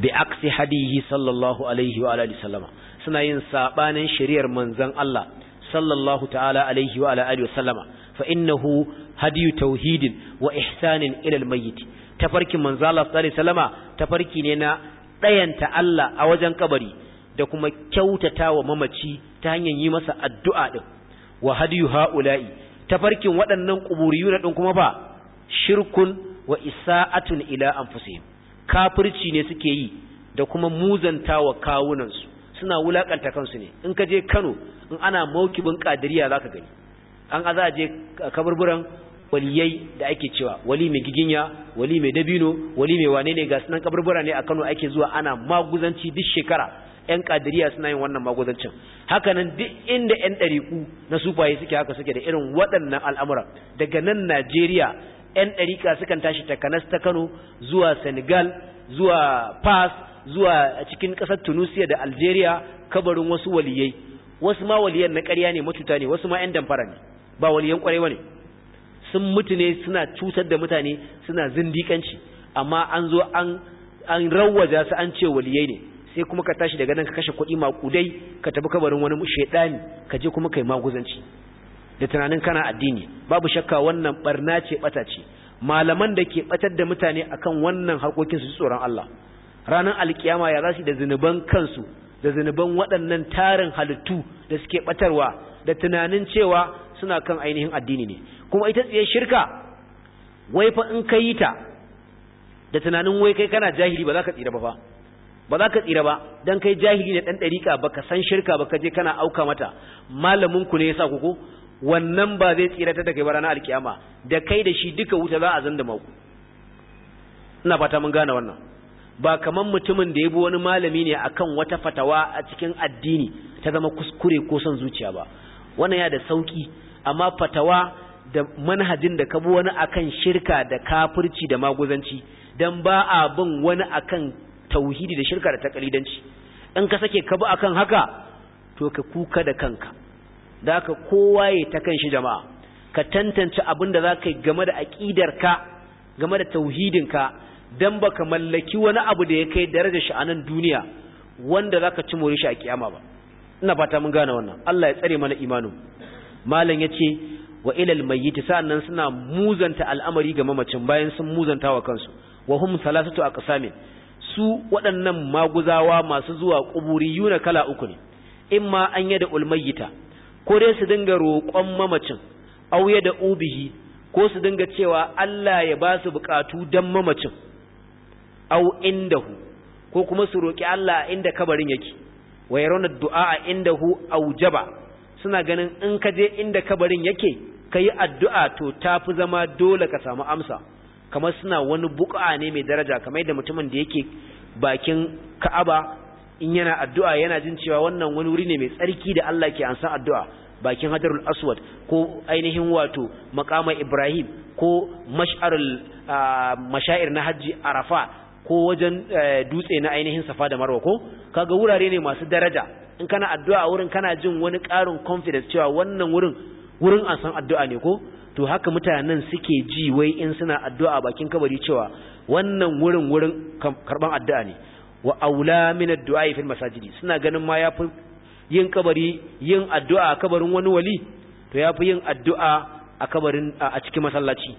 Speaker 2: bi aksi hadihi sallallahu alaihi wa alihi sallama suna yin sabanin shari'ar manzon Allah sallallahu ta'ala alaihi wa alihi sallama fa innahu hadiyu tauhidin wa ihsanin ila almayyit tafarkin manzo Allah sallallahu alaihi wasallama tafarki ne na ɗayanta Allah a wajen kabari da kuma kyautata wa mamaci ta hanyar yi masa addu'a din wa hadiyu haula'i tafarkin waɗannan na din kuma ba shirkun wa isa'atun ila anfusihim kafirci ne suke yi da kuma muzanta wa kawunansu suna wulakanta kansu ne in ka je Kano in ana maukibin kadiriya zaka gani an aza je kaburburan waliyai da ake cewa wali mai giginya wali mai dabino wali mai wane ne ga sunan kaburbura ne a Kano ake zuwa ana maguzanci duk shekara yan kadiriya suna yin wannan maguzancin hakanan duk inda yan ɗariku na sufaye suke haka suke da irin waɗannan al'amura daga nan Najeriya yan ɗarika sukan tashi takanas ta Kano zuwa Senegal zuwa Fas zuwa cikin ƙasar Tunisia da Algeria kabarin wasu waliyai wasu ma waliyan na ƙarya ne matuta ne wasu ma yan damfara ne ba waliyan ba ne sun mutu ne suna cutar da mutane suna zindikanci amma an zo an an rawaja su an ce waliyai ne sai kuma ka tashi daga nan ka kashe kuɗi maƙudai ka tafi kabarin wani shaidani ka je kuma kai maguzanci da tunanin kana addini babu shakka wannan barna ce bata ce malaman da ke batar da mutane akan wannan harkokin su tsoron Allah ranar alkiyama ya za zasu da zinuban kansu da zinuban waɗannan tarin halittu da suke batarwa da tunanin cewa suna kan ainihin addini ne kuma ita tsaye shirka wai fa in kai ta da tunanin wai kai kana jahili ba za ka tsira ba fa ba za ka tsira ba dan kai jahili ne dan dariƙa ba ka san shirka ba ka je kana auka mata malamin ku ne yasa ku ko wannan ba zai tsira ta daga ranar alkiyama da kai da shi duka wuta za a zanda maku ina fata mun gane wannan ba kaman mutumin da ya bi wani malami ne akan wata fatawa a cikin addini ta zama kuskure ko son zuciya ba wannan ya da sauki amma fatawa da manhajin da kabu wani akan shirka da kafirci da maguzanci dan ba a bin wani akan tauhidi da shirka da takalidanci in ka sake kabu akan haka to ka kuka da kanka da ka kowa ya ta kan shi jama'a ka tantance abin da za ka yi game da ka, game da tauhidinka dan ka mallaki wani abu da ya kai darajar shi a nan duniya wanda za ka ci more shi a kiyama ba ina fata mun gane wannan Allah ya tsare mana imanin malam ce wa ilal mayyiti sannan suna muzanta al'amari ga mamacin bayan sun muzanta wa kansu wa hum salasatu aqsamin su waɗannan maguzawa masu zuwa kuburi yuna kala uku ne In ma an yada ulmayyita ko dai su dinga roƙon mamacin aw yada ubihi ko su dinga cewa Allah ya ba su bukatu dan mamacin aw indahu ko kuma su roƙi Allah inda kabarin yake wa yarawna du'a indahu aujaba suna ganin in ka je inda kabarin yake ka yi addu'a to ta fi zama dole ka samu amsa kamar suna wani buƙa ne mai daraja kamar da mutumin da yake bakin ka'aba in yana addu'a yana jin cewa wannan wani wuri ne mai tsarki da Allah ke ansa addu'a bakin hajarul aswad ko ainihin wato makama ibrahim ko mash'arul na hajji arafa ko wajen eh, dutse na ainihin safa da marwa ko kaga wurare ne masu daraja in kana addu'a wurin kana jin wani ƙarin confidence cewa wannan wurin wurin an san addu'a ne ko to haka mutanen suke ji wai in suna addu'a bakin kabari cewa wannan wurin wurin karban addu'a ne wa aula min addu'a fil masajidi suna ganin ma yafi yin kabari yin addu'a a kabarin wani wali to yafi yin addu'a a kabarin a cikin masallaci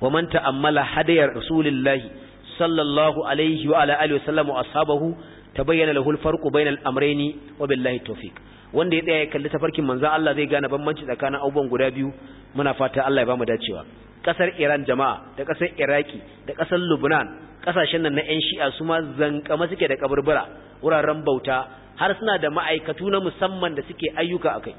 Speaker 2: wa man ta'ammala hadayar rasulullahi sallallahu alaihi wa ala alihi wa sallam wa ashabahu ta bayyana al-farqu bainal amrayni wa billahi tawfiq wanda ya tsaya ya kalli tafarkin manzo Allah zai gane bambanci tsakanin abubuwan guda biyu muna fata Allah ya bamu dacewa kasar Iran jama'a da kasar Iraki da kasar Lebanon kasashen nan na ƴan Shi'a su ma zankama suke da kaburbura wuraren bauta har suna da ma'aikatu na musamman da suke ayyuka akai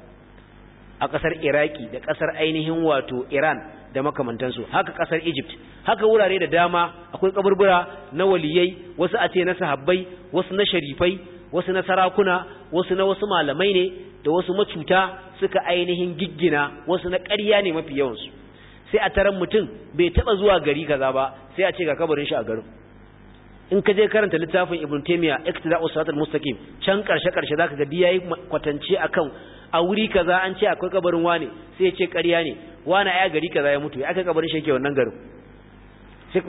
Speaker 2: a kasar Iraki da kasar ainihin wato Iran da makamantansu haka ƙasar Egypt haka wurare da dama akwai kaburbura na waliyai wasu a ce na sahabbai wasu na sharifai wasu na sarakuna wasu na wasu malamai ne da wasu macuta suka ainihin giggina wasu na ƙarya ne mafi yawansu sai a taron mutum bai taɓa zuwa gari kaza ba sai a ce ga kabarin shi a garin in ka je karanta littafin ibn taymiya iktida'us siratal mustaqim can karshe karshe zaka ga yi kwatance akan a wuri kaza an ce akwai kabarin wane sai ya ce ƙarya ne wane ya gari kaza ya mutu ya aka kabarin shi yake wannan garin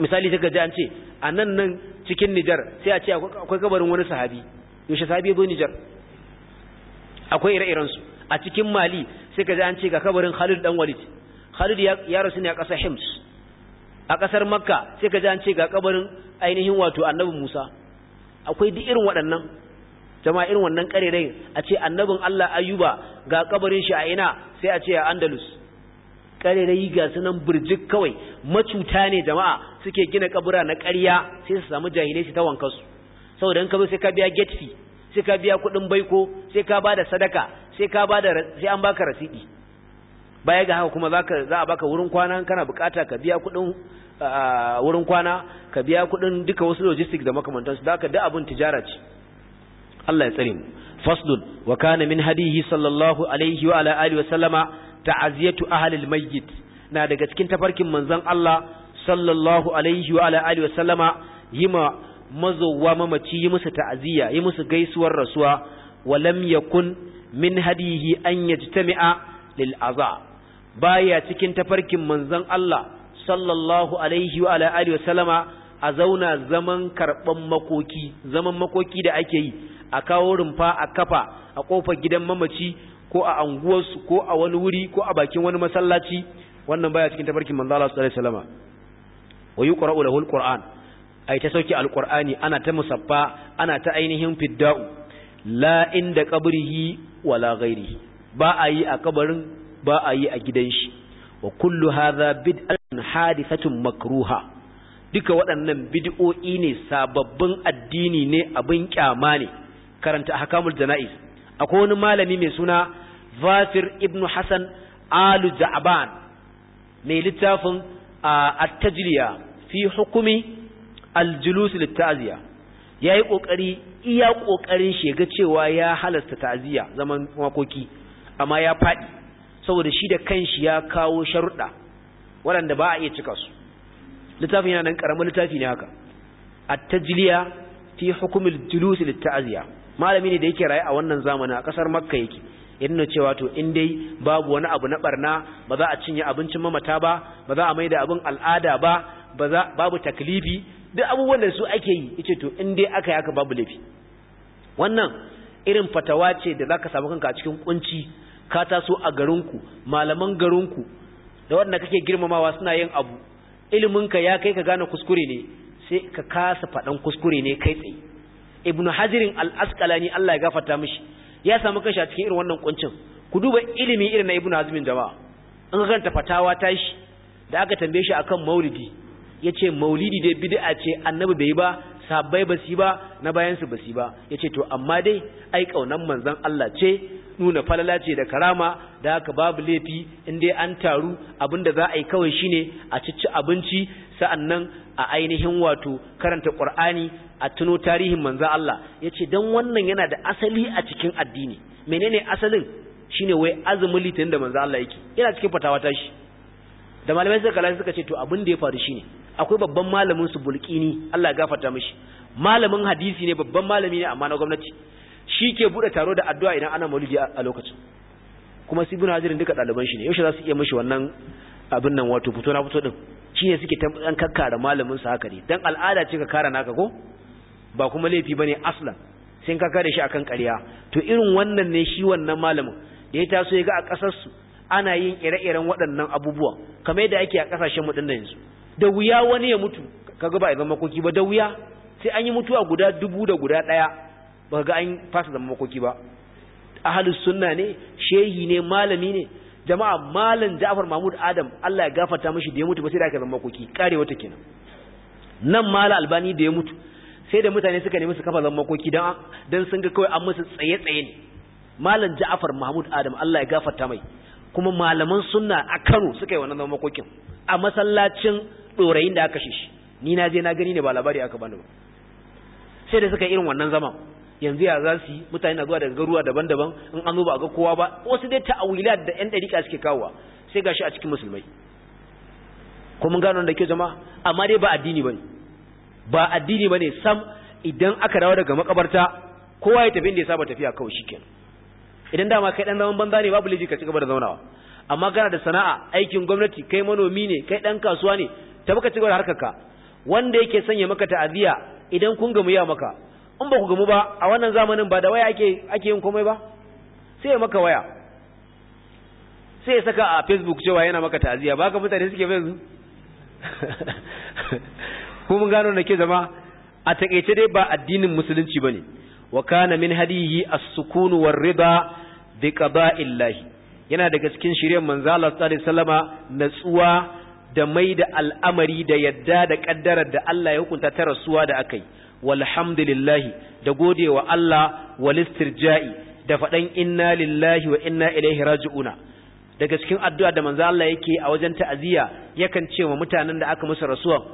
Speaker 2: misali take ji an ce a nan nan cikin Nijar sai a ce akwai kabarin wani sahabi yaushe sahabi ya zo Nijar akwai ire-iren su a cikin Mali sai ka ji an ce ga kabarin Khalid dan Walid Khalid ya rasu ne a ƙasar Hims a ƙasar Makka sai ka ji an ce ga kabarin ainihin wato Annabi Musa akwai duk irin waɗannan jama'a irin wannan karerai a ce annabin Allah Ayuba ga kabarin shi a ina sai a ce a Andalus karerai ga sunan burjik kawai macuta ne jama'a suke gina kabura na ƙarya sai su samu jahilai su ta wanka su saboda in ka zo sai ka biya gate fee sai ka biya kuɗin baiko sai ka bada sadaka sai ka bada sai an baka rasidi baya ga haka kuma zaka za a baka wurin kwana kana bukata ka biya kuɗin wurin kwana ka biya kuɗin duka wasu logistics da makamantansu da haka duk abin tijara ce Allah ya tsare mu Fasdun, wa kana min hadihi sallallahu alaihi wa ala alihi wa sallama ta'aziyatu ahlil mayyit na daga cikin tafarkin manzon Allah sallallahu alaihi wa ala alihi wa sallama yima mazowa mamaci yi musu ta'aziyya yi musu gaisuwar rasuwa wa lam yakun min hadihi an yajtami'a lil aza baya cikin tafarkin manzon Allah sallallahu alaihi wa ala alihi wa sallama a zauna zaman karɓan makoki zaman makoki da ake yi a kawo rumfa a kafa a kofar gidan mamaci ko a anguwarsu ko a wani wuri ko a bakin wani masallaci wannan baya cikin tabarkin manzo Allah sallallahu alaihi wasallam wa yuqra'u lahul qur'an ai ta sauki alqurani ana ta musaffa ana ta ainihin fidda'u la inda qabrihi wala ghairi ba a yi a kabarin ba a yi a gidan shi wa kullu hadha bid'atun hadithatun makruha duka waɗannan bid'o'i ne sababbin addini ne abin kyama ne karanta ahkamul janaiz akwai wani malami mai suna Zafir ibn Hassan Alu Ja'ban mai littafin at-tajliya fi hukumi al-julus lit-ta'ziya yayi kokari iya ƙoƙarin shega cewa ya halasta ta'aziyya zaman makoki amma ya faɗi, saboda shi da kanshi ya kawo sharuɗa waɗanda ba a iya cika su littafin yana nan ƙaramin littafi ne haka at-tajliya fi hukumil julus lit malami ne da yake rayu a wannan zamanin a kasar makka yake inna cewa to in dai babu wani abu na barna ba za a cinye abincin mamata ba ba za a maida abin al'ada ba ba za babu taklifi duk abubuwan da su ake yi yace to in dai aka yaka babu laifi wannan irin fatawa ce da zaka samu kanka a cikin kunci ka taso a garin ku. malaman garin ku da wanda kake girmamawa suna yin abu ka ya kai ka gane kuskure ne sai ka kasa faɗan kuskure ne kai tsaye ibnu hazirin al-asqalani Allah ya gafarta mishi ya samu kashi a cikin irin wannan kuncin ku duba ilimi irin na ibnu hazmin jama'a an ganta fatawa shi da aka tambaye shi akan maulidi yace maulidi dai bid'a ce annabi bai ba sabbai ba si ba na bayan su ba si ba yace to amma dai ai kaunan manzon Allah ce nuna falala ce da karama da haka babu laifi in dai an taru abinda za a yi kawai shine a cici abinci sa'annan a ainihin wato karanta Qur'ani a tuno tarihin manza Allah ya ce don wannan yana da asali a cikin addini menene asalin Shi ne wai azumin litinin da manza Allah yake yana cikin fatawa ta shi da malamai suka kalla suka ce to abin da ya faru shi ne. akwai babban malamin su bulkini Allah ya gafarta mishi malamin hadisi ne babban malami ne amma na gwamnati shi ke bude taro da addu'a idan ana maulidi a lokacin kuma sibin hajirin duka ɗaliban shi ne yaushe za su iya mishi wannan abin nan wato fito na fito din shi ne suke ɗan kakkara malamin su haka ne don al'ada ce ka kara naka ko ba kuma laifi ba ne aslan sai ka kare shi akan ƙarya to irin wannan ne shi wannan malamin da ya taso ya ga a ƙasarsu ana yin ire-iren waɗannan abubuwa kamar yadda ake a ƙasashen mu dinnan yanzu da wuya wani ya mutu kaga ba a zama makoki ba da wuya sai an yi mutuwa guda dubu da guda ɗaya ba ga an fasa zama makoki ba ahalus sunna ne shehi ne malami ne jama'a malam Ja'far Mahmud Adam Allah ya gafarta mishi da ya mutu ba sai da aka zama makoki karewa ta kenan nan mala albani da ya mutu sai da mutane suka nemi su kafa zama makoki dan dan sun ga kawai an musu tsaye tsaye ne malam Ja'far Mahmud Adam Allah ya gafarta mai kuma malaman sunna a Kano suka yi wannan zama makokin a masallacin ɗorayin da aka shi ni na je na gani ne ba labari aka bani ba sai da suka yi irin wannan zaman yanzu ya za su yi mutane na zuwa daga garuwa daban-daban in an ba a ga kowa ba wasu dai ta'awilat da yan ɗariƙa suke kawowa sai gashi a cikin musulmai ko mun gano da ke jama'a amma dai ba addini bane ba addini bane sam idan aka dawo daga makabarta kowa ya tafi inda ya saba tafiya kawai shikenan idan dama kai dan zaman banza ne babu laifi ka ci gaba da zaunawa amma kana da sana'a aikin gwamnati kai manomi ne kai dan kasuwa ne tafi ka ci gaba da harkarka wanda yake sanya maka ta'aziya idan kun gamu ya maka in ba ku gamu ba a wannan zamanin ba da waya ake ake yin komai ba sai ya maka waya sai ya saka a facebook cewa yana maka ta'aziyya ba ka mutane suke yanzu ko mun gano da ke zama a takeice dai ba addinin musulunci bane wa kana min hadihi as-sukun war riba bi qada'illahi yana daga cikin shirin manzala Allah sallallahu alaihi natsuwa da mai da al'amari da yadda da kaddarar da Allah ya hukunta ta rasuwa da akai walhamdulillahi da godewa Allah walistirja'i da faɗan inna lillahi wa inna ilaihi raji'una daga cikin addu'a da manzo Allah yake a wajen ta'aziyya yakan ce wa mutanen da aka musu rasuwa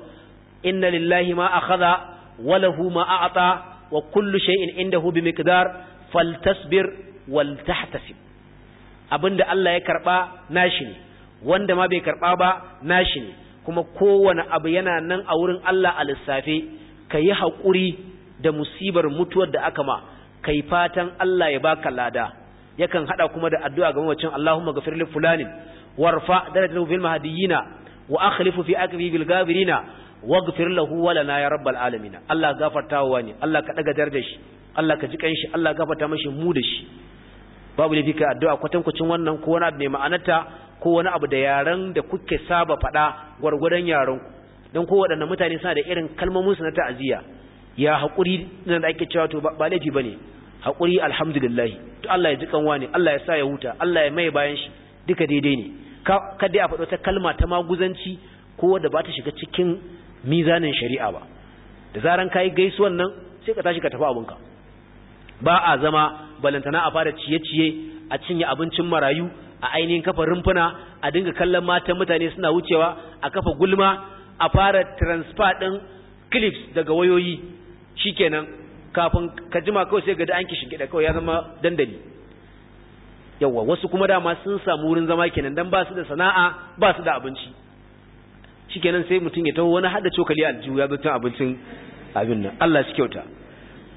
Speaker 2: inna lillahi ma akhadha wa lahu ma a'ta wa kullu shay'in indahu bi miqdar faltasbir wal tahtasib abinda Allah ya karba nashi ne wanda ma bai karba ba nashi ne kuma kowane abu yana nan a wurin Allah a lissafe ka yi haƙuri da musibar mutuwar da aka ma yi fatan Allah ya baka lada yakan hada kuma da addu'a ga mamacin Allahumma ghafir li fulanin warfa darajatahu fil mahdiyina wa akhlifu fi aqbi bil gafirina waghfir lahu wa lana ya rabbal alamin Allah gafarta wa ne Allah ka daga darajar shi Allah ka ji kanshi Allah gafarta mashi mu da shi babu laifi ka addu'a kwatankwacin wannan ko wani abu ne ma'anarta ko wani abu da yaran da kuke saba faɗa gwargwadon yaran ku don ko waɗannan mutane suna da irin kalmominsu na ta'aziyya ya haƙuri nan da ake cewa to ba laifi ba ne haƙuri alhamdulillah to Allah ya ji kanwa ne Allah ya sa ya huta Allah ya mai bayan shi duka daidai ne Ka dai a faɗo ta kalma ta maguzanci ko wanda ba ta shiga cikin mizanin shari'a ba da zaran ka yi gaisuwan nan sai ka tashi ka tafi ka ba a zama balantana a fara ciye-ciye a cinye abincin marayu a ainihin kafa rumfuna a dinga kallon matan mutane suna wucewa a kafa gulma a fara transfer ɗin clips daga wayoyi shikenan kafin ka jima kawai sai ga an kishin gida kawai ya zama dandali yawa wasu kuma dama sun samu wurin zama kenan dan ba su da sana'a ba su da abinci shikenan sai mutum ya taho wani hada cokali aljihu ya zo abincin abin nan Allah shi kyauta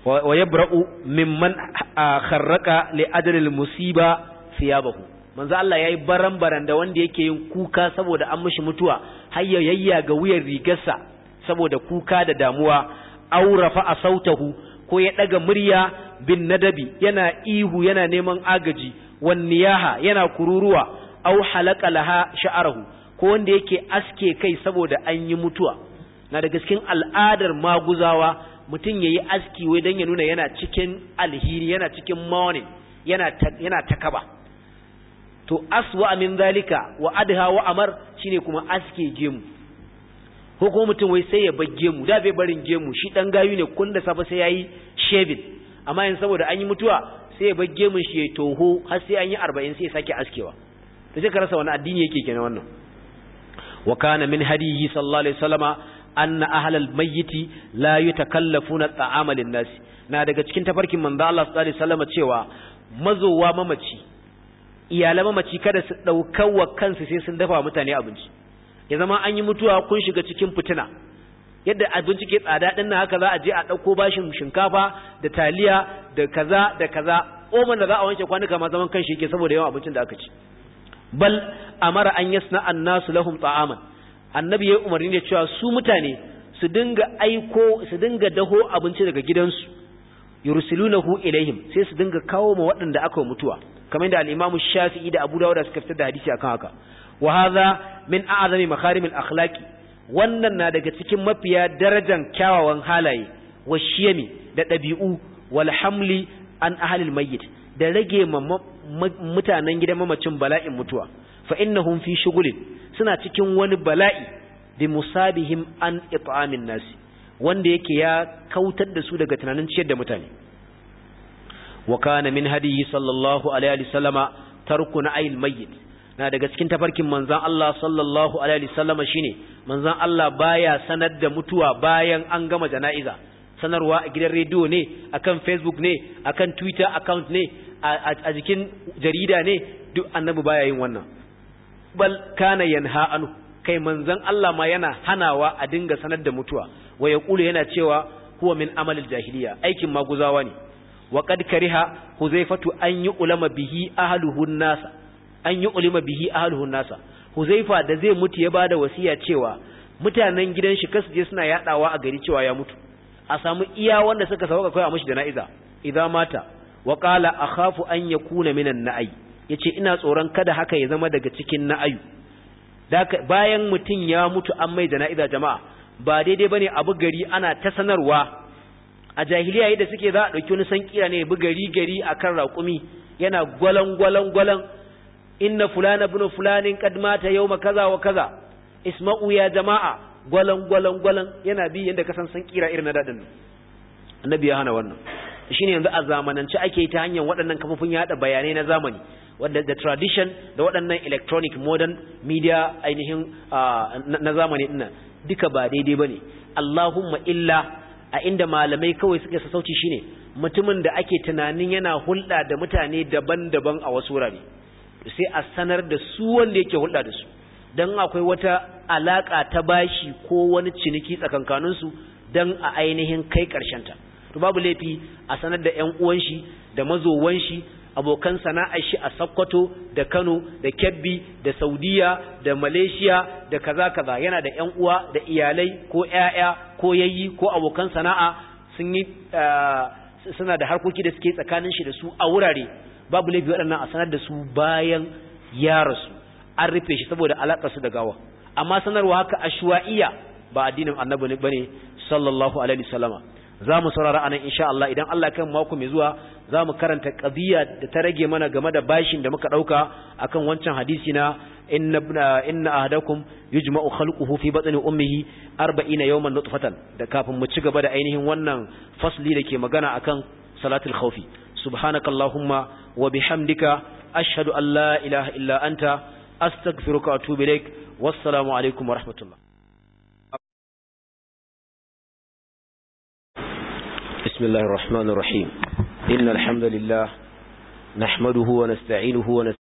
Speaker 2: wa yabra'u mimman kharraqa li ajali musiba siyabahu manzo Allah yayi baran baran da wanda yake yin kuka saboda an mishi mutuwa har ya yayya ga wuyar rigarsa saboda kuka da damuwa aurafa a sautahu ko ya daga murya bin nadabi yana ihu yana neman agaji wan niyaha yana kururuwa au halaka laha sha'arahu ko wanda yake aske kai saboda an yi mutuwa na da cikin al'adar maguzawa mutum yayi aski wai dan ya nuna yana cikin alhiri yana cikin mourning yana yana takaba to aswa min zalika wa adha wa amar shine kuma aske gemu ko mutum wai sai ya bar gemu da bai barin gemu shi dan gayu ne kun da safa sai yayi shaving amma yanzu saboda an yi mutuwa sai ya bar gemun shi ya toho har sai an yi 40 sai ya sake askewa to sai ka rasa wani addini yake kenan wannan wa kana min hadihi sallallahu alaihi wasallama anna ahlal mayyiti la yatakallafuna ta'amalin nas na daga cikin tafarkin manzo Allah sallallahu alaihi wasallama cewa mazowa mamaci iyalama mamaci kada su ɗauka wa kansu sai sun dafa mutane abinci ya zama an yi mutuwa kun shiga cikin fitina yadda abinci ke tsada ɗin na haka za a je a ɗauko bashin shinkafa da taliya da kaza da kaza oman da za a wanke kwanuka ma zaman kanshi yake saboda yawan abincin da aka ci bal amara an yasna annasu lahum ta'aman annabi ya umarni da cewa su mutane su dinga aiko su dinga daho abinci daga gidansu yursilunahu ilaihim sai su dinga kawo ma waɗanda aka mutuwa kamar da al-Imam Shafi'i da Abu Dawud suka fitar da hadisi akan haka wa hadha min a'zami makarim al-akhlaqi wannan na daga cikin mafiya darajan kyawawan halaye wa shiyami da dabi'u wal hamli an ahli al-mayyit da rage mutanen gidan mamacin bala'in mutuwa fa innahum fi shughulin suna cikin wani bala'i bi musabihim an it'amin nasi wanda yake ya kautar da su daga tunanin ciyar da mutane wa kana min hadiyi sallallahu alaihi wasallama tarku ayil mayyit na daga cikin tafarkin manzon Allah sallallahu alaihi wasallama shine manzon Allah baya sanar da mutuwa bayan an gama jana'iza sanarwa a gidan rediyo ne akan facebook ne akan twitter account ne a jikin jarida ne duk annabi baya yin wannan bal kana yanha anu kai manzon Allah ma yana hanawa a dinga sanar da mutuwa wa ya kula yana cewa huwa min amal jahiliya aikin maguzawa ne wa qad kariha huzaifatu an yi ulama bihi ahluhun nasa an yi ulama bihi ahluhun nasa huzaifa da zai mutu ya bada wasiya cewa mutanen gidan shi kasu je suna yaɗawa a gari cewa ya mutu a samu iya wanda suka sauka kai a mishi jana'iza idza mata wa qala akhafu an kuna minan na'i yace ina tsoron kada haka ya zama daga cikin na'ayu bayan mutum ya mutu an mai jana'iza jama'a ba daidai ba ne a gari ana ta sanarwa a jahiliya yadda suke za a ɗauki wani san kira ne bugari gari a kan raƙumi yana gwalan gwalan gwalan inna fulana bin fulanin qad ta yawma kaza wa kaza isma'u ya jama'a gwalan gwalan gwalan yana bi yadda ka san san kira irin na daɗin annabi ya hana wannan shine yanzu a zamanance ake ta hanyar waɗannan kafofin yaɗa bayanai na zamani wanda da tradition da waɗannan electronic modern media ainihin ah, na zamani dinnan duka ba daidai ba ne. Allahumma illa a inda malamai kawai suka sassauci shine mutumin da ake tunanin yana hulɗa da mutane daban-daban a wasu wurare sai a sanar da su wanda yake hulɗa da su don akwai wata alaƙa ta bashi ko wani ciniki tsakankaninsu don a ainihin kai ta. to babu laifi a sanar da 'yan uwan shi da mazowan shi abokan sana'ar shi a Sokoto da Kano da Kebbi da Saudiya da Malaysia da kaza kaza yana da ƴan uwa da iyalai ko ƴaƴa ko yayi ko abokan sana'a sun yi eh, suna da harkoki da suke tsakanin shi da su a wurare babu laifi waɗannan a sanar da su bayan ya rasu an rufe shi saboda alaƙar su da gawa amma sanarwa haka ashwa'iya ba addinin annabi bane sallallahu alaihi wasallama za mu saurara anan insha Allah idan Allah kan mako mai zuwa za mu karanta qadiya da ta rage mana game da bashin da muka dauka akan wancan hadisi na inna inna ahadakum yujma'u khalquhu fi batni ummihi 40 yawman nutfatan da kafin mu ci gaba da ainihin wannan fasli da ke magana akan salatul khawfi subhanakallahumma wa bihamdika ashhadu an la ilaha illa anta astaghfiruka wa atubu ilaik wassalamu alaikum wa rahmatullah
Speaker 1: بسم الله الرحمن الرحيم إن الحمد لله نحمده ونستعينه ونستعينه